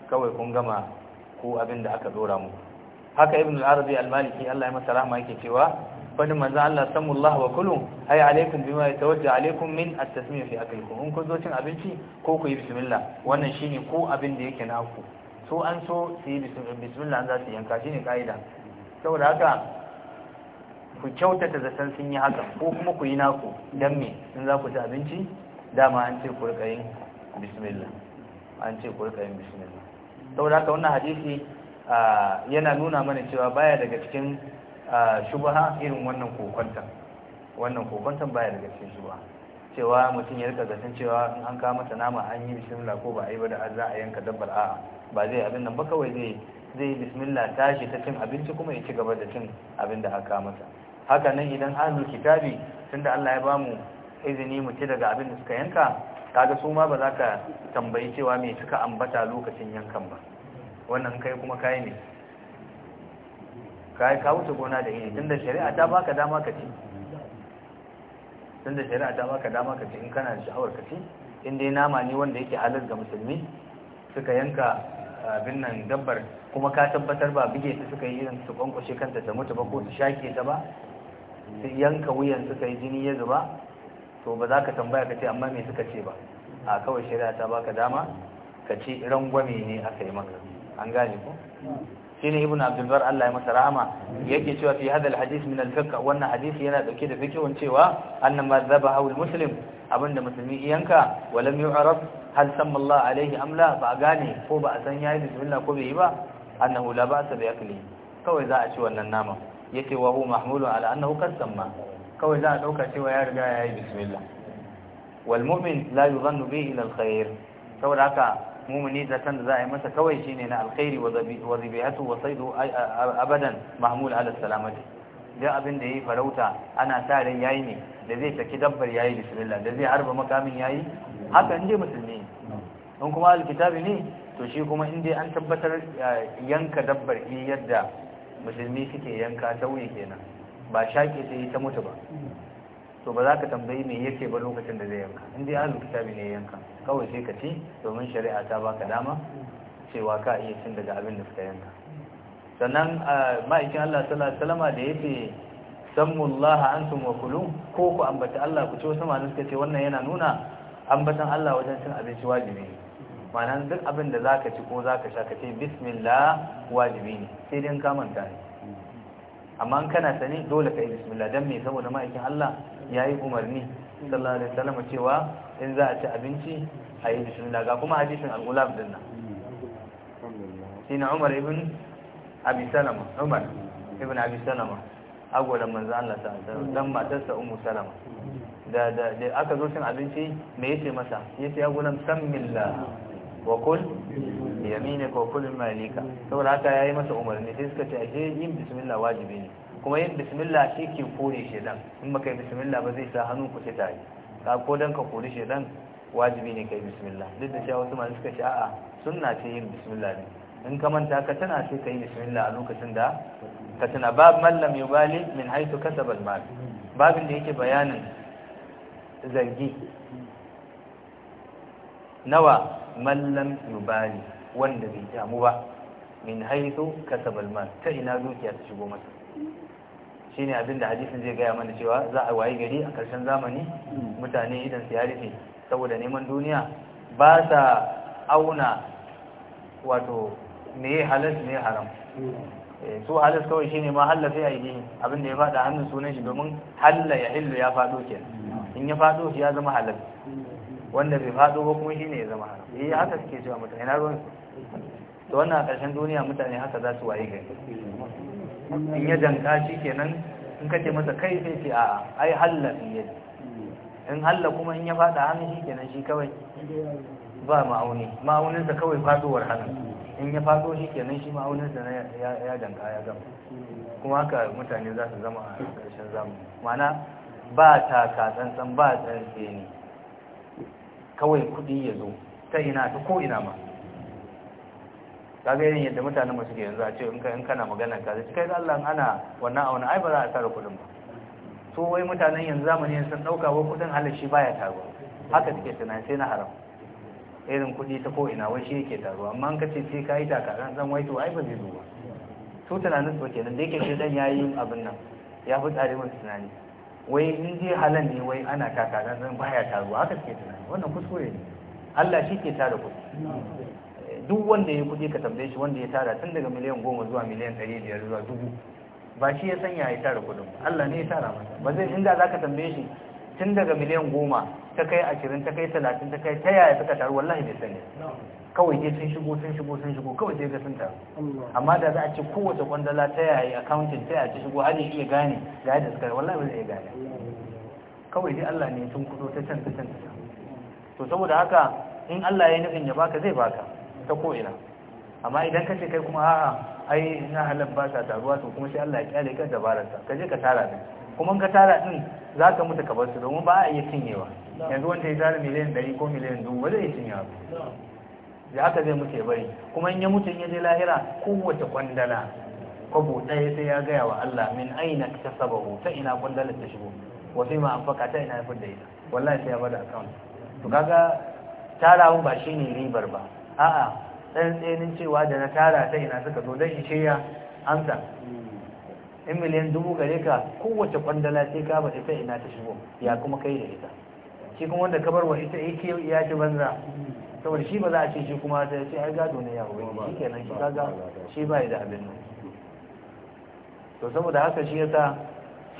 kawai kun gama ku abin da aka dora mu haka ibn al-arabi al-maliki Allah ya masa rahma yake cewa fadin manzo Allah sallallahu wa kulu ay alaikum bima yatawajja alaikum min at-tasmiya fi akalikum in ku zo cin abinci ko ku yi bismillah wannan shine ko abin da yake naku so an so su yi bismillah an za su yanka shine kaida saboda haka ku kyautata zaton sun yi haka ko kuma ku yi naku don me in za ku ci abinci dama an ce kurkayin bismillah an ce kurkayin bismillah saboda haka wannan hadisi yana nuna mana cewa baya daga cikin shubaha irin wannan kokonta wannan kokontan baya daga cikin shubaha cewa mutum ya rika zaton cewa in an kama masa nama an yi bismillah ko ba a yi ba da za a yanka dabbar a'a ba zai abin nan ba kawai zai zai bismillah tashi ta cin abinci kuma ya ci gaba da cin abin da aka masa haka nan idan ahlul kitabi tunda Allah ya bamu izini mu ci daga abin da suka yanka kaga su ma ba za ka tambayi cewa me suka ambata lokacin yankan ba wannan kai kuma kai ne kai ka wuce gona da iri tunda shari'a ta baka dama ka ci tunda shari'a ta baka dama ka ci in kana da sha'awar ka ci in dai nama ne wanda yake halal ga musulmi suka yanka abin nan dabbar kuma ka tabbatar ba bige su suka yi irin su kwankwashe kanta ta mutu ba ko su shake ta ba su yanka wuyan suka yi jini ya zuba to ba za ka tambaya ka ce amma me suka ce ba a kawai shari'a ta baka dama ka ce rangwame ne aka yi maka an gane ko shine ibnu abdul bar Allah ya masa rahama yake cewa fi hadal hadith min al fiqh wannan hadisi yana dauke da fiqhun cewa annan ma dhabaha al muslim abinda musulmi yanka walam yurab hal samma Allah alaihi amla ba gane ko ba a san yayi bismillah ko bai yi ba annahu la ba'sa bi akli kawai za a ci wannan nama yace wa hu mahmulu ala annahu kasamma kawai za a dauka cewa ya riga yayi bismillah wal mu'min la yuzannu bi ila al khair saboda haka mumuni zaton da za a yi masa kawai shine na alkhairi wa zabihatu wa saidu abadan mahmul ala salamati duk abin da ya yi farauta ana sa ran yayi ne da zai saki dabbar yayi bismillah da zai harba makamin yayi haka inde musulmi in kuma alkitabi ne to shi kuma inde an tabbatar yanka dabbar ne yadda musulmi suke yanka sauye kenan ba shake sai ta mutu ba to ba za ka tambayi me yake ba lokacin da zai yanka in dai ahlul kitabi ne yanka kawai sai ka ci domin shari'a ta baka dama cewa ka iya cin daga abin da suka yanka sannan ma'aikin Allah sallallahu alaihi wasallam da yake sammullaha antum wa kulu ko ku ambata Allah ku ci wasu ma suka ce wannan yana nuna ambatan Allah wajen cin abinci wajibi ne ma'ana duk abin da zaka ci ko zaka sha ka ce bismillah wajibi ne sai dai ka manta ne amma an kana sani dole ka yi bismillah dan me saboda ma'aikin Allah yayi umarni sallallahu alaihi wasallam cewa in za a ci abinci a yi bismillah ga kuma hadisin al-gulab din nan sina Umar ibn Abi Salama Umar ibn Abi Salama agwalan manzo Allah sallallahu alaihi wasallam dan matarsa Ummu Salama da da aka zo cin abinci me yace masa yace ya gulam sammillah wa kul yamini ko kul malika saboda haka yayi masa umarni sai suka ce ashe yin bismillah wajibi ne kuma yin bismillah shi ke kore shedan in baka yi bismillah ba zai sa hannun ku ta yi ka ko dan ka kore shedan wajibi ne kai bismillah duk da cewa wasu masu suka ce a'a sunna ce yin bismillah ne in ka manta ka tana sai ka yi bismillah a lokacin da ka tana bab mallam yubali min haythu kasaba al-mal babin da yake bayanin zargi nawa mallam yubali wanda bai damu ba min haiso kasabal mal ta ina dukiya ta shigo masa shine abinda hadisin zai gaya mana cewa za a wayi gari a ƙarshen zamani mutane idan su yarife saboda neman duniya ba sa auna wato me halas me haram eh, su halas kawai shine ma halal sai aidi abinda ya fada hannun sunan shi domin halal ya hillu ya fado kenan in ya fado shi ya zama halal wanda bai faɗo ba kuma shine ya zama haram eh haka suke cewa mutane na ruwan to wannan a ƙarshen duniya mutane haka za su waye gari in ya danka shi kenan in kace masa kai sai ce a'a ai halla in yaji in halla kuma in ya faɗa hannu shi kenan shi kawai ba ma'auni sa kawai faɗowar hannu in ya faɗo shi kenan shi ma'aunin sa ya danka ya gama kuma haka mutane za su zama a ƙarshen zamani ma'ana ba ta ka tsantsan ba tsantse ne kawai kuɗi ya zo ta ina ta ko ina ma kaga irin yadda mutanen mu suke yanzu a ce in in kana magana ka zai kai da Allah ana wannan a wani ai ba za a tara kuɗin ba to wai mutanen yanzu zamani sun dauka wa kudin halashi ya taruwa haka suke tunani sai na haram irin kuɗi ta ko ina wai shi yake taruwa amma an ka ce sai ka yi ran zan wai to ai ba zai zo ba su tunanin su kenan da yake shi dan yayi abin nan ya fi tsari mun tunani wai in je halan ne wai ana kaka nan zan baya taruwa haka suke tunani wannan kuskure ne Allah shi ke tara kuɗi duk wanda ya kuɗi ka tambaye shi wanda ya tara tun daga miliyan goma zuwa miliyan ɗari biyar zuwa dubu ba shi ya sanya ya tara kuɗin Allah ne ya tara masa ba zai inda za ka tambaye shi tun daga miliyan goma ta kai ashirin ta kai talatin ta kai ta yaya suka taru wallahi bai sani kawai dai sun shigo sun shigo sun shigo kawai dai ga sun taru amma da za a ce kowace kwandala ta yayi accounting ta yayi shigo har ya iya gane ga yadda suka wallahi ba zai gane kawai dai Allah ne sun kudo ta can ta can ta to saboda haka in Allah ya nufin ya baka zai baka ta ko ina amma idan ka ce kai kuma a'a ai na halan ba ta taruwa to kuma sai Allah ya kyale ka dabararsa ka je ka tara din kuma ka tara din za ka mutu ka bar su domin ba a iya cinyewa yanzu wanda ya tara miliyan 100 ko miliyan 200 ba zai cinyewa da aka zai mutu ya bari kuma in ya mutu ya je lahira kowace kwandala kwabo ɗaya sai ya gaya wa Allah min aina ta sababu ta ina kwandala ta shigo wasu ma an faka ta ina ya da ita wallahi sai ya bada account to kaga tarawun ba shine ribar ba a'a dan tsenin cewa da na tara ta ina suka zo dan ishe ya amsa in miliyan dubu gare ka kowace kwandala sai ka bada ta ina ta shigo ya kuma kai da ita shi kuma wanda ka bar wa ita ya ci banza saboda shi ba za a ce shi kuma ta ce ai gado ne ya wuri shi kenan shi kaga shi bai da abin nan to saboda haka shi yasa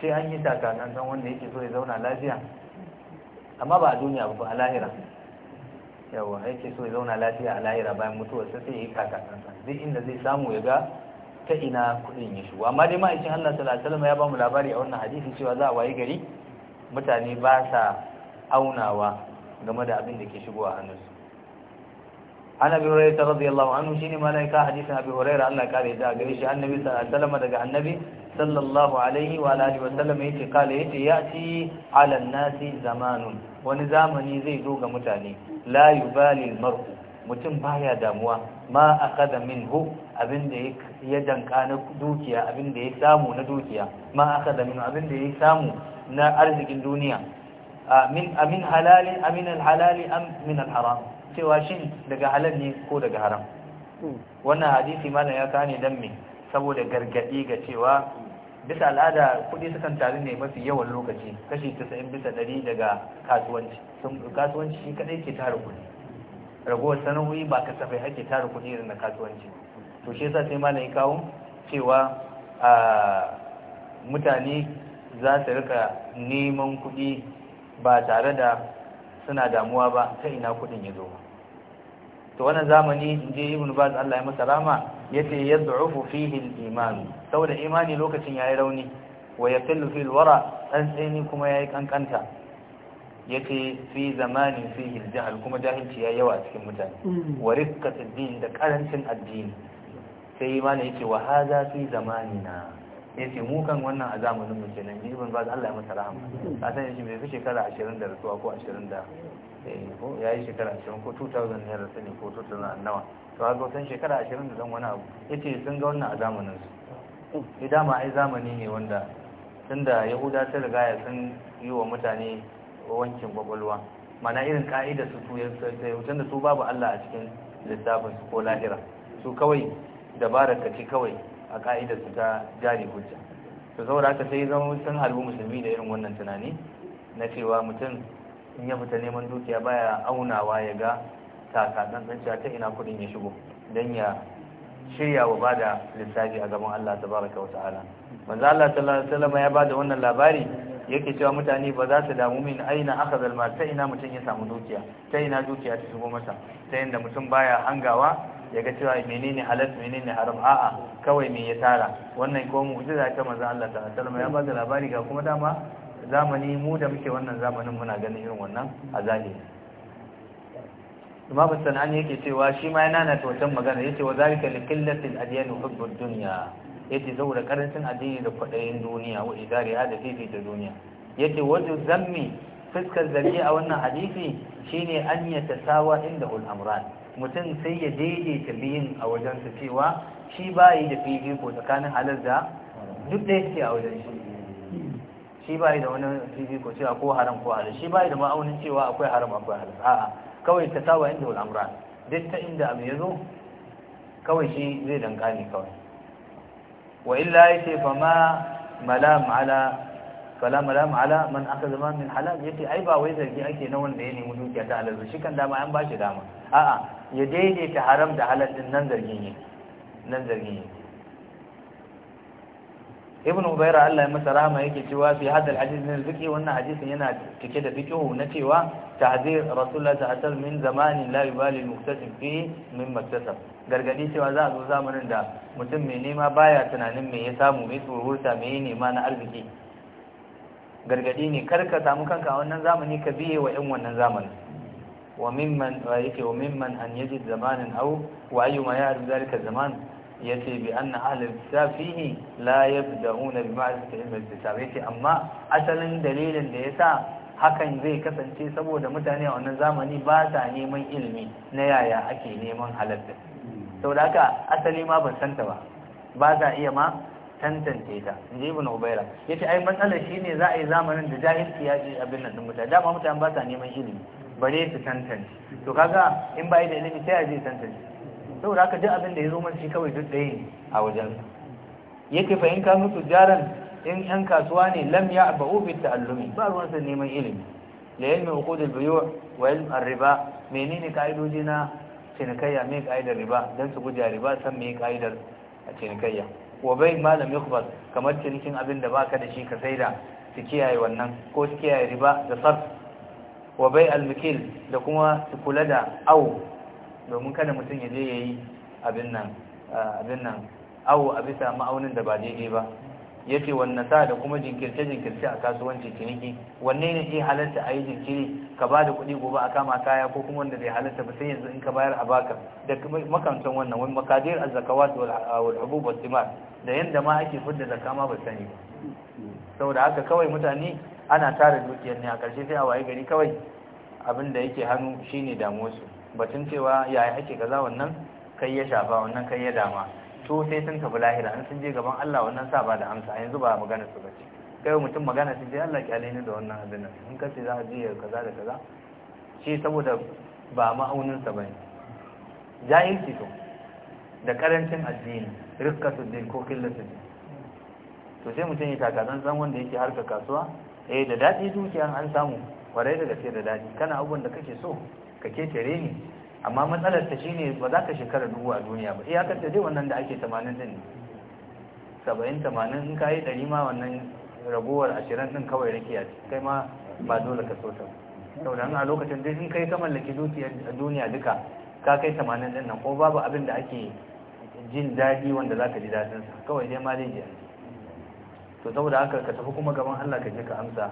sai an yi taka nan dan wanda yake so ya zauna lafiya amma ba a duniya ba a lahira yawa yake so ya zauna lafiya a lahira bayan mutuwa sai sai ya yi takanan duk inda zai samu ya ga ta ina kudin ya shigo amma dai ma'aikin Allah sallallahu alaihi wasallam ya ba mu labari a wannan hadisi cewa za a waye gari mutane ba sa aunawa game da abin da ke shigo a hannunsu an abi radiyallahu anhu shine malaika hadisin abi hurairah Allah ana kare da gare shi annabi sallallahu daga annabi sallallahu alaihi wa alihi wasallam yace kale yace yati ala nasi zamanun wani zamani zai zo ga mutane la yubali almar'u mutum baya damuwa ma akhadha minhu abinda ya danka na dukiya abinda ya samu na dukiya ma akhadha minhu abinda ya samu na arzikin duniya min amin halali amin alhalali am min alharam cewa shin daga halal ne ko daga haram hmm. wannan hadisi malam ya kane ne dan me saboda gargaɗi ga cewa bisa al'ada kudi sukan taru ne mafi yawan lokaci kashi 90 bisa 100 daga kasuwanci kasuwanci shi kadai ke tara kudi ragowar sanarwoyi ba kasafai hake tara kudi irin na kasuwanci to shi yasa sai malam ya kawo cewa mutane za su rika neman kuɗi ba tare da suna damuwa ba ta ina kuɗin ya zo ba to wannan zamani inda ibn baz Allah ya masa rama yace yad'ufu fihi al-iman saboda imani lokacin yayi rauni wa yaqillu fil wara dan tsini kuma yayi kankanta yace fi zamani fihi al-jahl kuma jahilci yayi yawa cikin mutane mm. wa rifqat ad-din da karancin addini sai imani yace wa hadha fi zamanina yace mu kan wannan a zamanin mu kenan ibn baz Allah ya masa rahama mm. kasan yace bai fi shekara 20 da rasuwa ko 20 da Eh, ya yi shekara ashirin ko 2000 ne rasu ne ko 2000 nawa to haka wasan shekara ashirin da zan wani abu ya ce sun ga wannan a zamaninsu ya eh, dama ai zamani ne wanda tun da yahuda ta riga ya sun yi wa mutane wankin kwakwalwa mana irin ka'ida su tun da su babu allah a cikin littafin su ko lahira su kawai dabarar kaci kawai a ka'idar su ta jari hujja to saboda haka sai zama sun harbi musulmi da irin wannan tunani na cewa mutum in ya fita neman dukiya baya aunawa ya ga dan tsanciya ta ina kudin ya shigo don ya shirya wa ba da lissafi a gaban Allah tabaraka wa ta'ala manzo Allah sallallahu alaihi wasallam ya bada wannan labari yake cewa mutane ba za su damu min aina aka al-mal ta ina mutum ya samu dukiya ta ina dukiya ta shigo masa ta yanda mutum baya hangawa ya ga cewa menene halal menene haram a'a kawai me ya tara wannan ko mu'jiza ta manzo Allah sallallahu alaihi wasallam ya bada labari ga kuma dama zamani mu da muke wannan zamanin muna ganin irin wannan a zahiri imamu sanani yake cewa shi ma yana na tautan magana yace wa zalika li qillatil adyan hubbud dunya yace zaura karancin addini da kwadayin duniya wa idariya da fifi da duniya yace wajhu zammi fiskar zargi a wannan hadisi shine an yatasawa inda ul amran mutum sai ya daidaita biyun a wajen su cewa shi bayi da ko tsakanin halal da duk da yake a wajen shi shi ba da wani fifiko cewa ko haram ko halal shi ba da ma'aunin cewa akwai haram akwai halal a'a kawai ta tawa inda wal amra duk ta inda abu ya zo kawai shi zai danka ne kawai wa illa yace fa ma malam ala fala malam ala man aka zama min halal yace ai ba wai zargi ake na wanda ya nemi dukiya ta halal shi kan dama an shi dama a'a ya daidaita haram da halal din nan zargin ne nan zargin ne ibn ubayra Allah ya masa rahama yake cewa fi hadal hadith min fiqh wannan hadisin yana cike da fiqh na cewa ta'zir rasulullah ta'ala min zamanin la yubali muktasib fi min maktasab gargadi cewa za a zo zamanin da mutum mai nema baya tunanin me ya samu me tsururta me nema na arziki gargadi ne kar ka samu kanka a wannan zamani ka biye wa 'yan wannan zamanin wa mimman yake wa mimman an yajid zamanin au, wa ayyuma ya ya'rif zalika zaman yace bi an na kitab safihi la yabda'una bi ma'rifati ilmi kitab yace amma asalin dalilin da yasa hakan zai kasance saboda mutane a wannan zamani ba sa neman ilimi na yaya ake neman halatta Sau da haka asali ma ban santa ba ba za iya ma tantance ta inji ibn ubaira ce ai matsalar shi ne za a yi zamanin da jahilci ya ce abin nan din mutane dama mutane ba sa neman ilimi bare su tantance to kaga in ba yi da ilimi sai a je tantance saboda haka duk abin da ya zo mace shi kawai duk da yi a wajensa yake fahimta mutu jaran in yan kasuwa ne lam ya ba'u bi ta'allumi ba ruwansa neman ilimi da ilmi uqud al-buyu' wa ilm ar-riba menene kaidoji na cinikayya mai kaidar riba dan su guje riba san me kaidar cinikayya wa bai malam yukhbar kamar cinikin abin da baka da shi ka saida su kiyaye wannan ko su kiyaye riba da sarf wa bai al-mikil da kuma su kula da au domin kada mutum ya je ya yi abin nan awo a bisa ma'aunin da ba daidai ba ya ce wannan sa da kuma jinkirce-jinkirce a kasuwanci ciniki wanne ne ke halarta a yi jinkiri ka ba da kuɗi gobe a kama kaya ko kuma wanda zai halarta ba sai yanzu in ka bayar a baka da makamcin wannan wani makadir azzakawat wal hubub was sima da yanda ma ake fudda zakka ma ba sani ba saboda haka kawai mutane ana tara dukiyar ne a ƙarshe sai a waye gari kawai abin da yake hannu shine su batun cewa yaya ake kaza wannan kai ya shafa wannan kai ya dama to sai sun tafi lahira an sun je gaban Allah wannan sa ba da amsa a yanzu ba magana su bace kai mutum magana sun je Allah ki alaini da wannan abin nan in kace za a je kaza da kaza shi saboda ba ma'aunin sa bane jahilci to da karancin addini rikkatu din ko killatu din to sai mutum ya taka tsantsan wanda yake harka kasuwa eh da dadi dukiya an samu kwarai da gaske da dadi kana abun da kake so ka ketare ni amma matsalar ta shine ba za ka shekara dubu a duniya ba iya kan dai wannan da ake tamanin din saba'in tamanin in ka yi ɗari ma wannan ragowar ashirin din kawai rakiya kai ma ba dole ka so ta saboda a lokacin dai in kai ka mallaki dukiyar duniya duka ka kai tamanin din nan ko babu abin da ake jin daɗi wanda za ka ji dadin sa kawai dai ma zai to saboda haka ka tafi kuma gaban Allah ka je ka amsa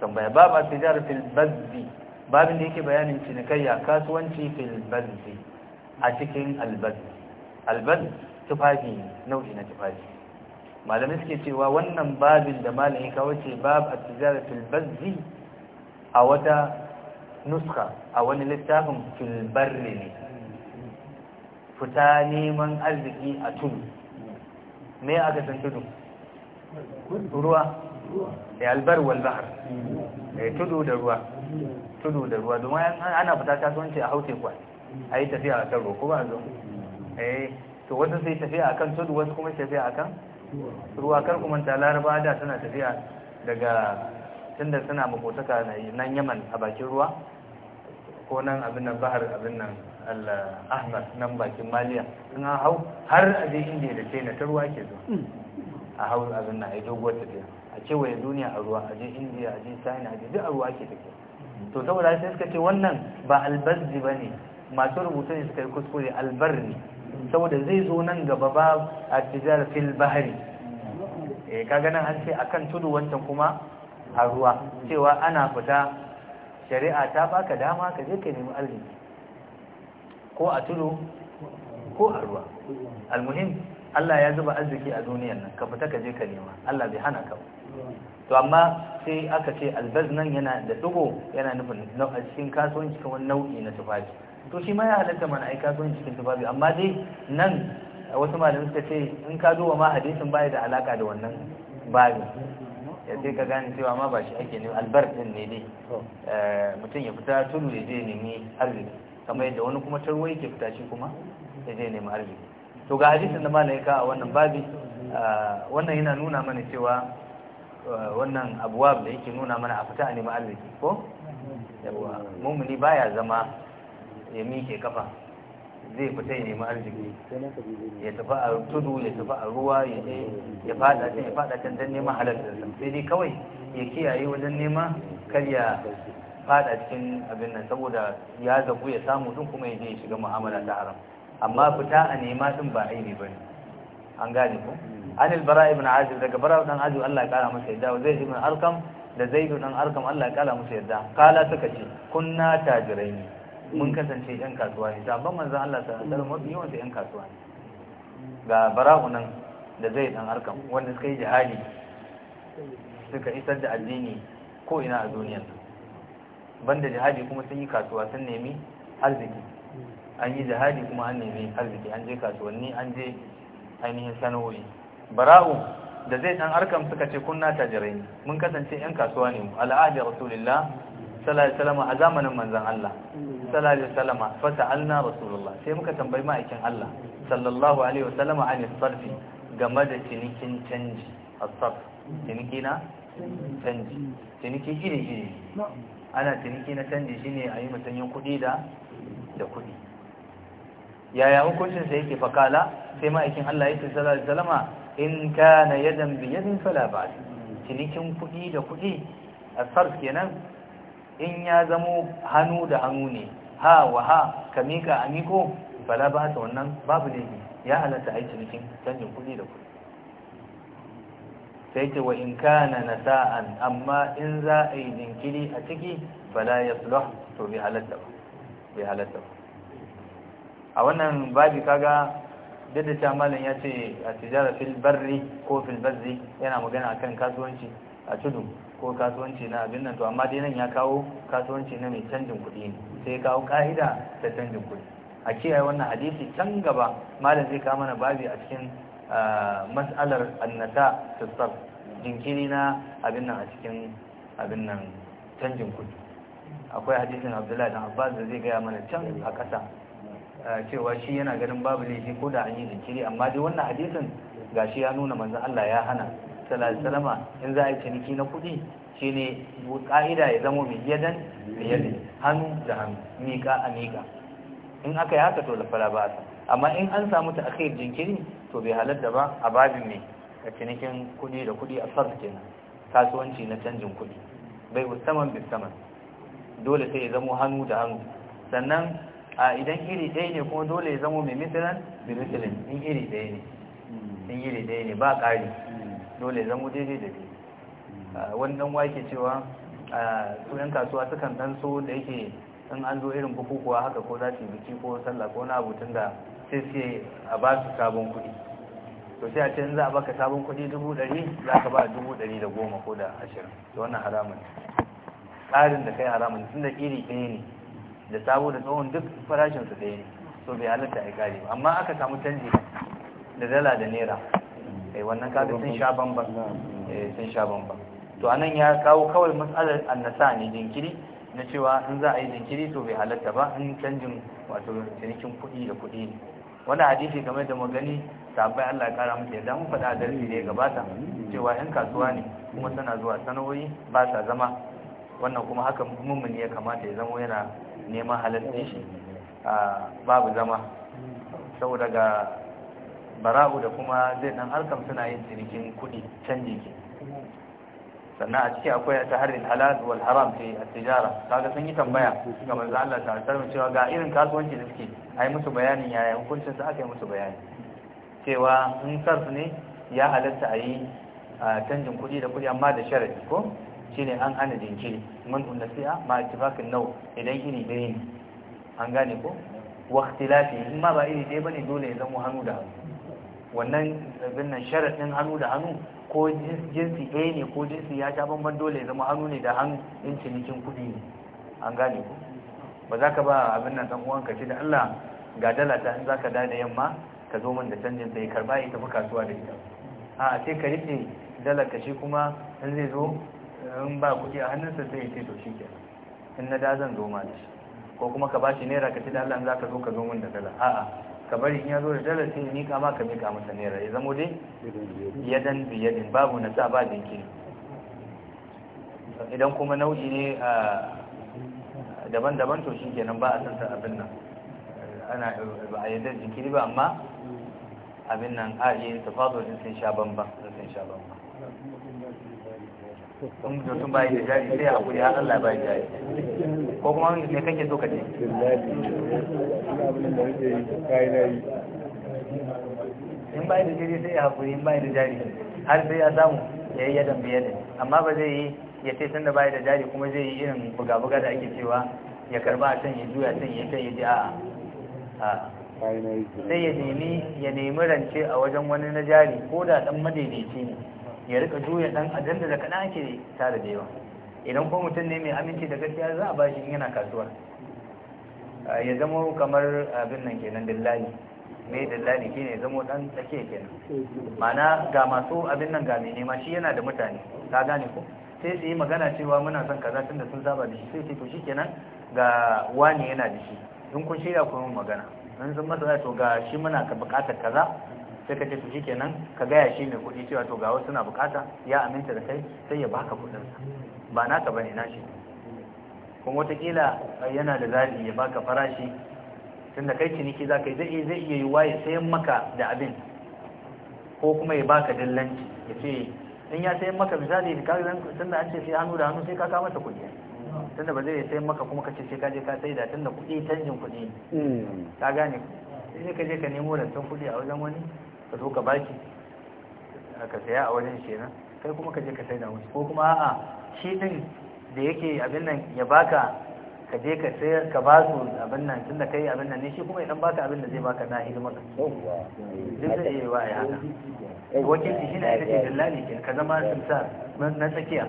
tambaya babu tijar fil bazzi babin da yake bayanin cinikayya kasuwanci fil bazzi a cikin albaz albaz tufafi nau'i na tufafi malamai suke cewa wannan babin da Malami kawo ce bab a tijara fil bazzi a wata nuska a wani littafin fil barri ne fita neman arziki a tun me aka san tudu ruwa Eh, albar wal eh tudu da ruwa tudu da ruwa domin ana fita ce a haute kwa a yi tafiya a kan kuma ba zo eh to wasu sai tafiya a kan tudu wasu kuma tafiya a kan ruwa kar kuma ta laraba da tana tafiya daga tunda suna makotaka nan yaman a bakin ruwa ko nan abin nan bahar abin nan Allah Ahmad nan bakin Maliya sun hau har a je Indiya da China ta ruwa ke zo a hau abin na ya yi doguwar tafiya a duniya a ruwa a je india a je china a je duk a ruwa ake tafiya to saboda sai suka ce wannan ba albazzi ba ne masu rubutu ne suka yi kuskure albar ne saboda zai zo nan gaba ba a tijar fil bahari e eh, kaga nan an ce akan tudu wancan kuma a ruwa cewa ana fita shari'a ta baka dama ka je ka nemi arziki ko a tudu ko a ruwa almuhim Allah ya zuba arziki a duniyar nan ka fita ka je ka nema Allah bai hana ka ba to amma sai aka ce albaz nan yana da dugo yana nufin a cikin kasuwanci kamar nau'i na tufafi to shi ma ya halatta mana ai kasuwanci cikin tufafi amma dai nan wasu malamin suka ce in ka zo ma hadisin bai da alaka da wannan babu ya sai ka gane cewa ma ba shi ake ne albar din ne dai eh, mutum ya fita tulu ya je nemi arziki kamar yadda wani kuma tarwai ke fita shi kuma ya je nemi arziki to ga hadisin da ka a wannan babi wannan yana nuna mana cewa wannan abuwab da yake nuna mana a fita a nema arziki ko yawa mummuni ya zama ya mike kafa zai fita ya nemi arziki ya tafi a tudu ya tafi a ruwa ya fada can ya fada can don neman halartarsa sai dai kawai ya kiyaye wajen nema karya ya fada cikin abin nan saboda ya zabu ya samu sun kuma ya je ya shiga mu'amala ta haram amma fita a nema din ba aini ba ne an gane ku an albara ibn azib daga bara dan azib Allah ya kara masa yadda zai ibn arkam da zaid dan arkam Allah ya kara masa yadda kala suka ce kunna tajirai ne mun kasance yan kasuwa ne sabon manzon Allah sallallahu alaihi wasallam mafi yawan yan kasuwa ne ga bara'u nan da zaid dan arkam wanda suka yi jihadi suka isar da addini ko ina a duniyar banda jihadi kuma sun yi kasuwa sun nemi arziki an yi jihadi kuma an nemi arziki an je kasuwanni an je ainihin sana'o'i bara'u da zai dan arkam suka ce kunna tajirai mun kasance yan kasuwa ne al'adi rasulullah sallallahu alaihi wasallam a zamanin manzon Allah sallallahu alaihi wasallam fa ta'alna rasulullah sai muka tambayi ma'aikin Allah sallallahu alaihi wasallam an sarfi game da cinikin canji as-sarf ciniki na canji ciniki gine-gine ana ciniki na canji shine a yi mutanyen kuɗi da da kuɗi yaya hukuncin sa yake fakala sai ma'aikin Allah yake sallallahu alaihi wasallama in kana yadan bi yadin fala ba'd cinikin kudi da kuɗi asarf kenan in ya zamo hannu da hannu ne ha wa ha ka mika amiko fala ba ta wannan babu ne ya halatta a yi cinikin canjin kudi da kudi sai ce wa in kana nasa'an amma in za a yi jinkiri a ciki fala ya to bi halatta ba a wannan babi kaga duk da malam ya ce a tijara fil barri ko fil bazzi yana magana akan kasuwanci a tudu ko kasuwanci na abin nan to amma dai nan ya kawo kasuwanci na mai canjin kuɗi ne sai ya kawo ka'ida ta canjin kuɗi a kiyaye wannan hadisi can gaba malam zai kawo mana babi a cikin mas'alar annata sassar jinkiri na abin nan a cikin abin nan canjin kuɗi akwai hadisin abdullahi dan abbas da zai gaya mana can a ƙasa cewa shi yana ganin babu laifi ko da an yi jinkiri amma dai wannan hadisin gashi ya nuna manzon Allah ya hana sallallahu in za a yi ciniki na kuɗi shine ka'ida ya zama mai yadan da hannu da hannu miƙa a miƙa in aka yi haka to lafara ba sa amma in an samu ta akhir jinkiri to bai halatta ba a babin ne a cinikin kuɗi da kuɗi a sarf kenan kasuwanci na canjin kuɗi bai musamman bisaman dole sai ya zama hannu da hannu sannan a idan iri ɗaya ne kuma dole ya zama mai mitilan birisilin in iri ɗaya ne hmm. in iri ɗaya ne ba ƙari hmm. dole ya zama daidai da daidai wannan wake cewa su yan kasuwa sukan ɗan so da yake in an zo irin bukukuwa haka ko za su yi biki ko sallah ko na abutun da sai sai a ba su sabon kuɗi to sai a ce in za a baka sabon kuɗi dubu ɗari za ka ba dubu ɗari da goma ko da ashirin to wannan haramun tsarin da kai haramun tun da iri ɗaya ne da sabo da tsohon duk farashinsu su ɗaya ne so bai halatta ya kare ba amma aka samu canji da dala da naira eh wannan kaga sun sha bambam. Eh, sun sha bambam. to anan ya kawo kawai matsalar annasa ne jinkiri na cewa in za a yi jinkiri to bai halatta ba in canjin wato cinikin kuɗi da kuɗi ne wani hadisi game da magani sabai Allah ya kara mu ke mun faɗa darasi da ya gabata cewa yan kasuwa ne kuma tana zuwa sana'o'i ba sa zama wannan kuma haka mummuni ya kamata ya zama yana neman halattun shi babu zama saboda ga bara'u da kuma zai dan harkar suna yin cinikin kudi canji ke sannan a ciki akwai ta harin halal wal haram ce a tijara kaga sun yi tambaya ga manzo Allah ta alƙar cewa ga irin kasuwanci da suke ai musu bayanin yaya hukuncin su aka yi musu bayani cewa in sarf ne ya halatta a yi canjin kuɗi da kuɗi amma da sharadi ko shine an hana jinkiri man unasiya ma ittifaqin naw idan iri ɗaya ne an gane ko wa ikhtilafi in ma ba iri dai bane dole ya zama hannu da hannu wannan abin nan sharadin hannu da hannu ko jinsi a ne ko jinsi ya sha bamban dole ya zama hannu ne da hannu in cinikin kuɗi ne an gane ko ba za ka ba abin nan ɗan uwanka ce da Allah ga dala ta in za ka da da yamma ka zo min da canjin sai karba ya tafi kasuwa da ita a sai ka rike dalar ka shi kuma in zai zo in ba kuɗi a hannunsa sai ya ce to shi ke in na da zan zo ma da shi ko kuma ka bashi naira ka ce da Allah za ka zo ka zo min da dala a'a ka bari in ya zo da dala sai ya mika ma ka mika masa naira ya zamo dai ya biya din babu na sa ba jinkiri idan kuma nau'i ne daban-daban to shi nan ba a san abin nan ana ba a yadda jinkiri ba amma abin nan a yi tafadolin sun sha bamban sun sha bamban in mutum bayi da jari sai hakuri har Allah bayi jari ko kuma me kake so ka ce in bayi da jari sai hakuri in bayi da jari har sai ya samu ya yi yadan biye ne amma ba zai yi ya ce tunda bayi da jari kuma zai yi irin buga-buga da ake cewa ya karba a can ya juya can ya can ya ji a'a sai ya nemi ya nemi rance a wajen wani na jari ko da dan madaidaici ne ya rika juya dan adam da kaɗan ake tare da yawa idan kuma mutum ne mai aminci da gaskiya za a ba shi yana kasuwa ya zama kamar abin nan kenan dillali mai dillali shine ya zama dan tsake kenan mana ga masu abin nan ga mai nema shi yana da mutane ka gane ko sai su yi magana cewa muna son kaza tunda sun saba da shi sai sai to shikenan ga wani yana da shi in kun shirya ku magana in sun masa to ga shi muna ka bukatar kaza sai ka ce to shikenan ka gaya shi mai kuɗi cewa to ga wasu suna bukata ya aminta da kai sai ya baka kuɗin sa ba naka bane nashi kuma watakila yana da zaɓi ya baka farashi tunda kai ciniki za ka yi zai iya yi waye sayan maka da abin ko kuma ya baka dillanci ya ce in ya sayan maka misali ka tunda an ce sai hannu da hannu sai ka kawo masa kuɗi tunda ba zai sai maka kuma kace sai ka je ka sai da tunda kuɗi canjin kuɗi hmm. ka gane sai ka je ka nemo rantsan kuɗi a wajen wani ka zo ka baki ka saya a wajen shi nan kai kuma ka je ka sai da wuce. ko kuma a'a shi din da yake abin nan ya baka ka je ka sayar ka ba su abin nan tun da kai abin nan ne shi kuma idan baka abin da zai baka na hidima ka duk da yi wa ya haka wakilci shi na yi ce dillali ke ka zama sun sa na tsakiya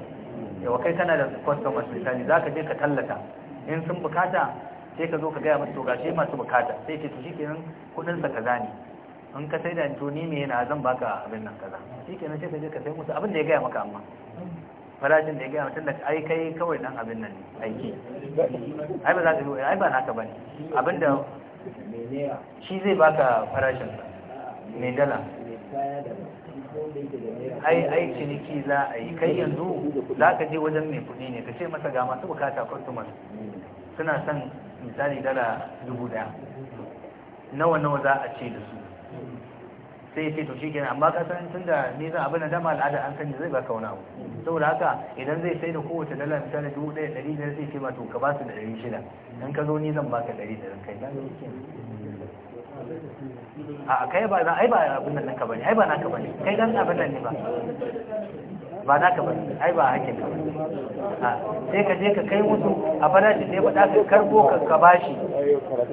yawa kai kana da masu misali za ka je ka tallata in sun bukata sai ka zo ka gaya masu to gashi masu bukata sai ke to shi kenan kudinsa ka zane in ka sai da ni me yana zan baka abin nan kaza shikenan sai ka je ka sai musu abin da ya gaya maka amma farashin da ya gaya mutum da ai kai kawai nan abin nan aiki ai ba za ka ai ba naka ne abin da shi zai baka farashin mai dala ai ai ciniki za a yi kai yanzu za ka je wajen mai kuɗi ne ka ce masa ga masu bukata customers suna son misali dala dubu daya nawa nawa za a ce da su sai ce to shi kenan amma ka san tun da ni zan abin da dama al'ada an sani zai baka wani abu saboda haka idan zai sai da kowace dala misali dubu ɗaya ɗari biyar zai ce ma to ka ba su da ɗari shida in ka zo ni zan baka ɗari da ɗan kai a kai ba na ai ba abin nan ka bane ai ba naka bane kai dan abin nan ne ba ba naka bane ai ba hakkin ka bane sai ka je ka kai musu a farashi da ya faɗa ka karbo ka ka bashi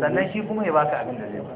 sannan shi kuma ya baka abin da zai ba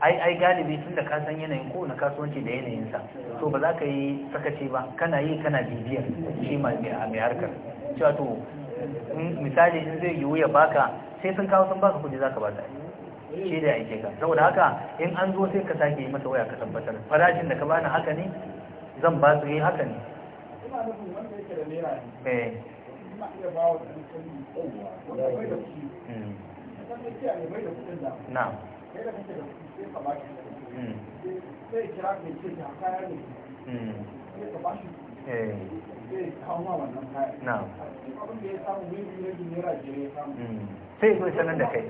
ai ai galibi tun da ka san yanayin na kasuwanci da yanayin sa, to ba za ka yi sakaci ba kana yi kana bibiyar shi mai harkar cewa to misali in zai yiwu ya baka sai sun kawo sun baka kuɗi za ka ba ta shi da aike ka saboda haka in an zo sai ka sake yi masa waya ka tabbatar farashin da ka bani haka ne zan ba su yi eh, haka ne eh hmm. hmm. na sai zo sanar da kai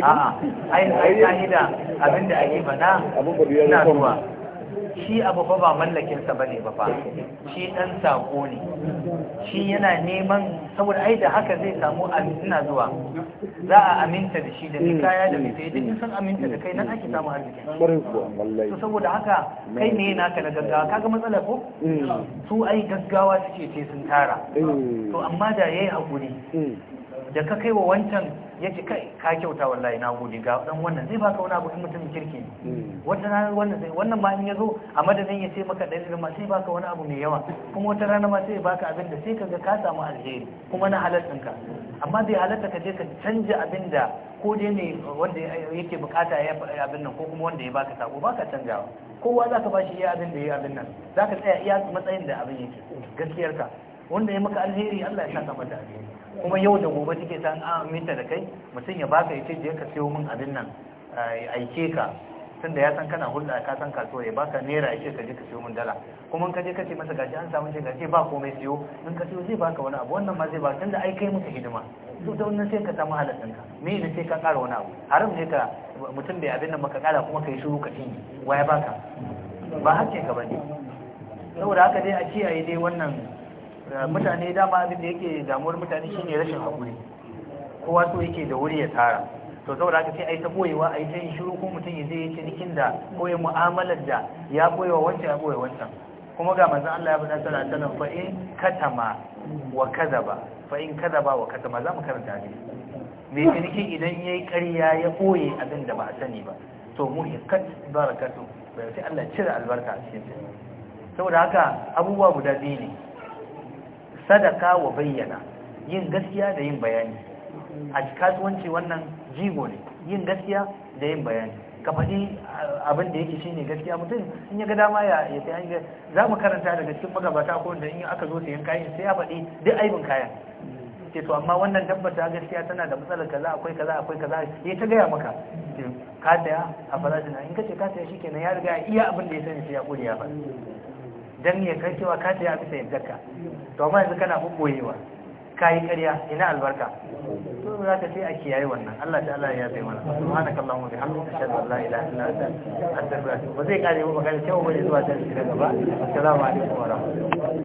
a'a ai ai da abinda ake faɗa na zuwa shi abu fa ba mallakinsa ba ne ba fa shi ɗan saƙo ne shi yana neman saboda ai da haka zai samu ina zuwa za a aminta da shi da ni kaya da mai sai duk sun aminta da kai nan ake samu arziki to saboda haka kai ne ka na gaggawa kaga matsala ko mm. su ai gaggawa suke sai sun tara eh. to amma da yayi hakuri mm. da ka kai wa wancan ya ce kai ka kyauta wallahi na gode ga dan wannan zai baka wani abu in mutumin kirki ne hmm. wata rana wannan zai wannan ma in ya zo a madadin ya ce maka dan ma sai baka wani abu mai yawa kuma wata rana ma sai baka abin da sai kaga ka samu alheri kuma na halattun ka amma zai halatta ka je ka canja abin da ko dai ne wanda yake bukata ya abin nan ko kuma wanda ya baka sako baka canjawa kowa zaka bashi iya abin da ya yi abin nan Za ka tsaya iya matsayin da abin yake gaskiyarka wanda ya maka alheri Allah ya saka mata alheri kuma yau da gobe take san aminta da kai mutum ya baka yace je ka sayo min abin nan aike ka tunda ya san kana hulɗa ka san kasuwa ya baka naira yace ka je ka sayo min dala kuma in ka je ka ce masa gaji an samu ce gaji ba komai sayo in ka sayo zai baka wani abu wannan ma zai baka tunda ai kai masa hidima to da wannan sai ka samu halattun ka me ne sai ka ƙara wani abu haram ne ka mutum bai abin nan maka ƙara kuma kai shiru ka cinye waya baka ba hakkin ka bane saboda haka dai a kiyaye dai wannan mutane dama abin da yake damuwar mutane shine rashin haƙuri kowa so yake da wuri ya tara to saboda haka sai a yi ta boyewa a yi ta yin shiru ko mutum ya je ya cinikin da koyi mu'amalar da ya boyewa wancan ya boye wancan kuma ga manzon Allah ya faɗa sallallahu alaihi wasallam fa in katama wa kadaba fa in kadaba wa za mu karanta ne me ciniki idan yayi ƙarya ya boye abin da ba a sani ba to mu hikat barakatu bai sai Allah cire albarka a cikin saboda haka abubuwa guda biyu ne sadaka wa bayyana yin gaskiya da yin bayani a kasuwanci wannan jigo ne yin gaskiya da yin bayani ka faɗi uh, abin da yake shine gaskiya mutum in ya ga dama ya ya sai an za mu karanta daga cikin magabata ko da in aka zo sayan kayan sai ya faɗi duk aibin kayan ke to amma wannan tabbata gaskiya tana da matsalar kaza akwai kaza akwai kaza ya ta gaya maka ka saya a farashin in ka ce ka shi kenan ya riga iya abin da ya sani sai ya kure ya faɗi dan ya kai cewa ka ce a bisa yaddarka to amma yanzu kana bubboyewa kayi karya ina albarka to za ka ce a kiyaye wannan Allah ta Allah ya zai mana subhanaka allahumma bihamdika ashhadu an la ilaha illa anta astaghfiruka wa atubu ba zai kare mu ga cewa wani zuwa ta gaba assalamu alaikum wa rahmatullahi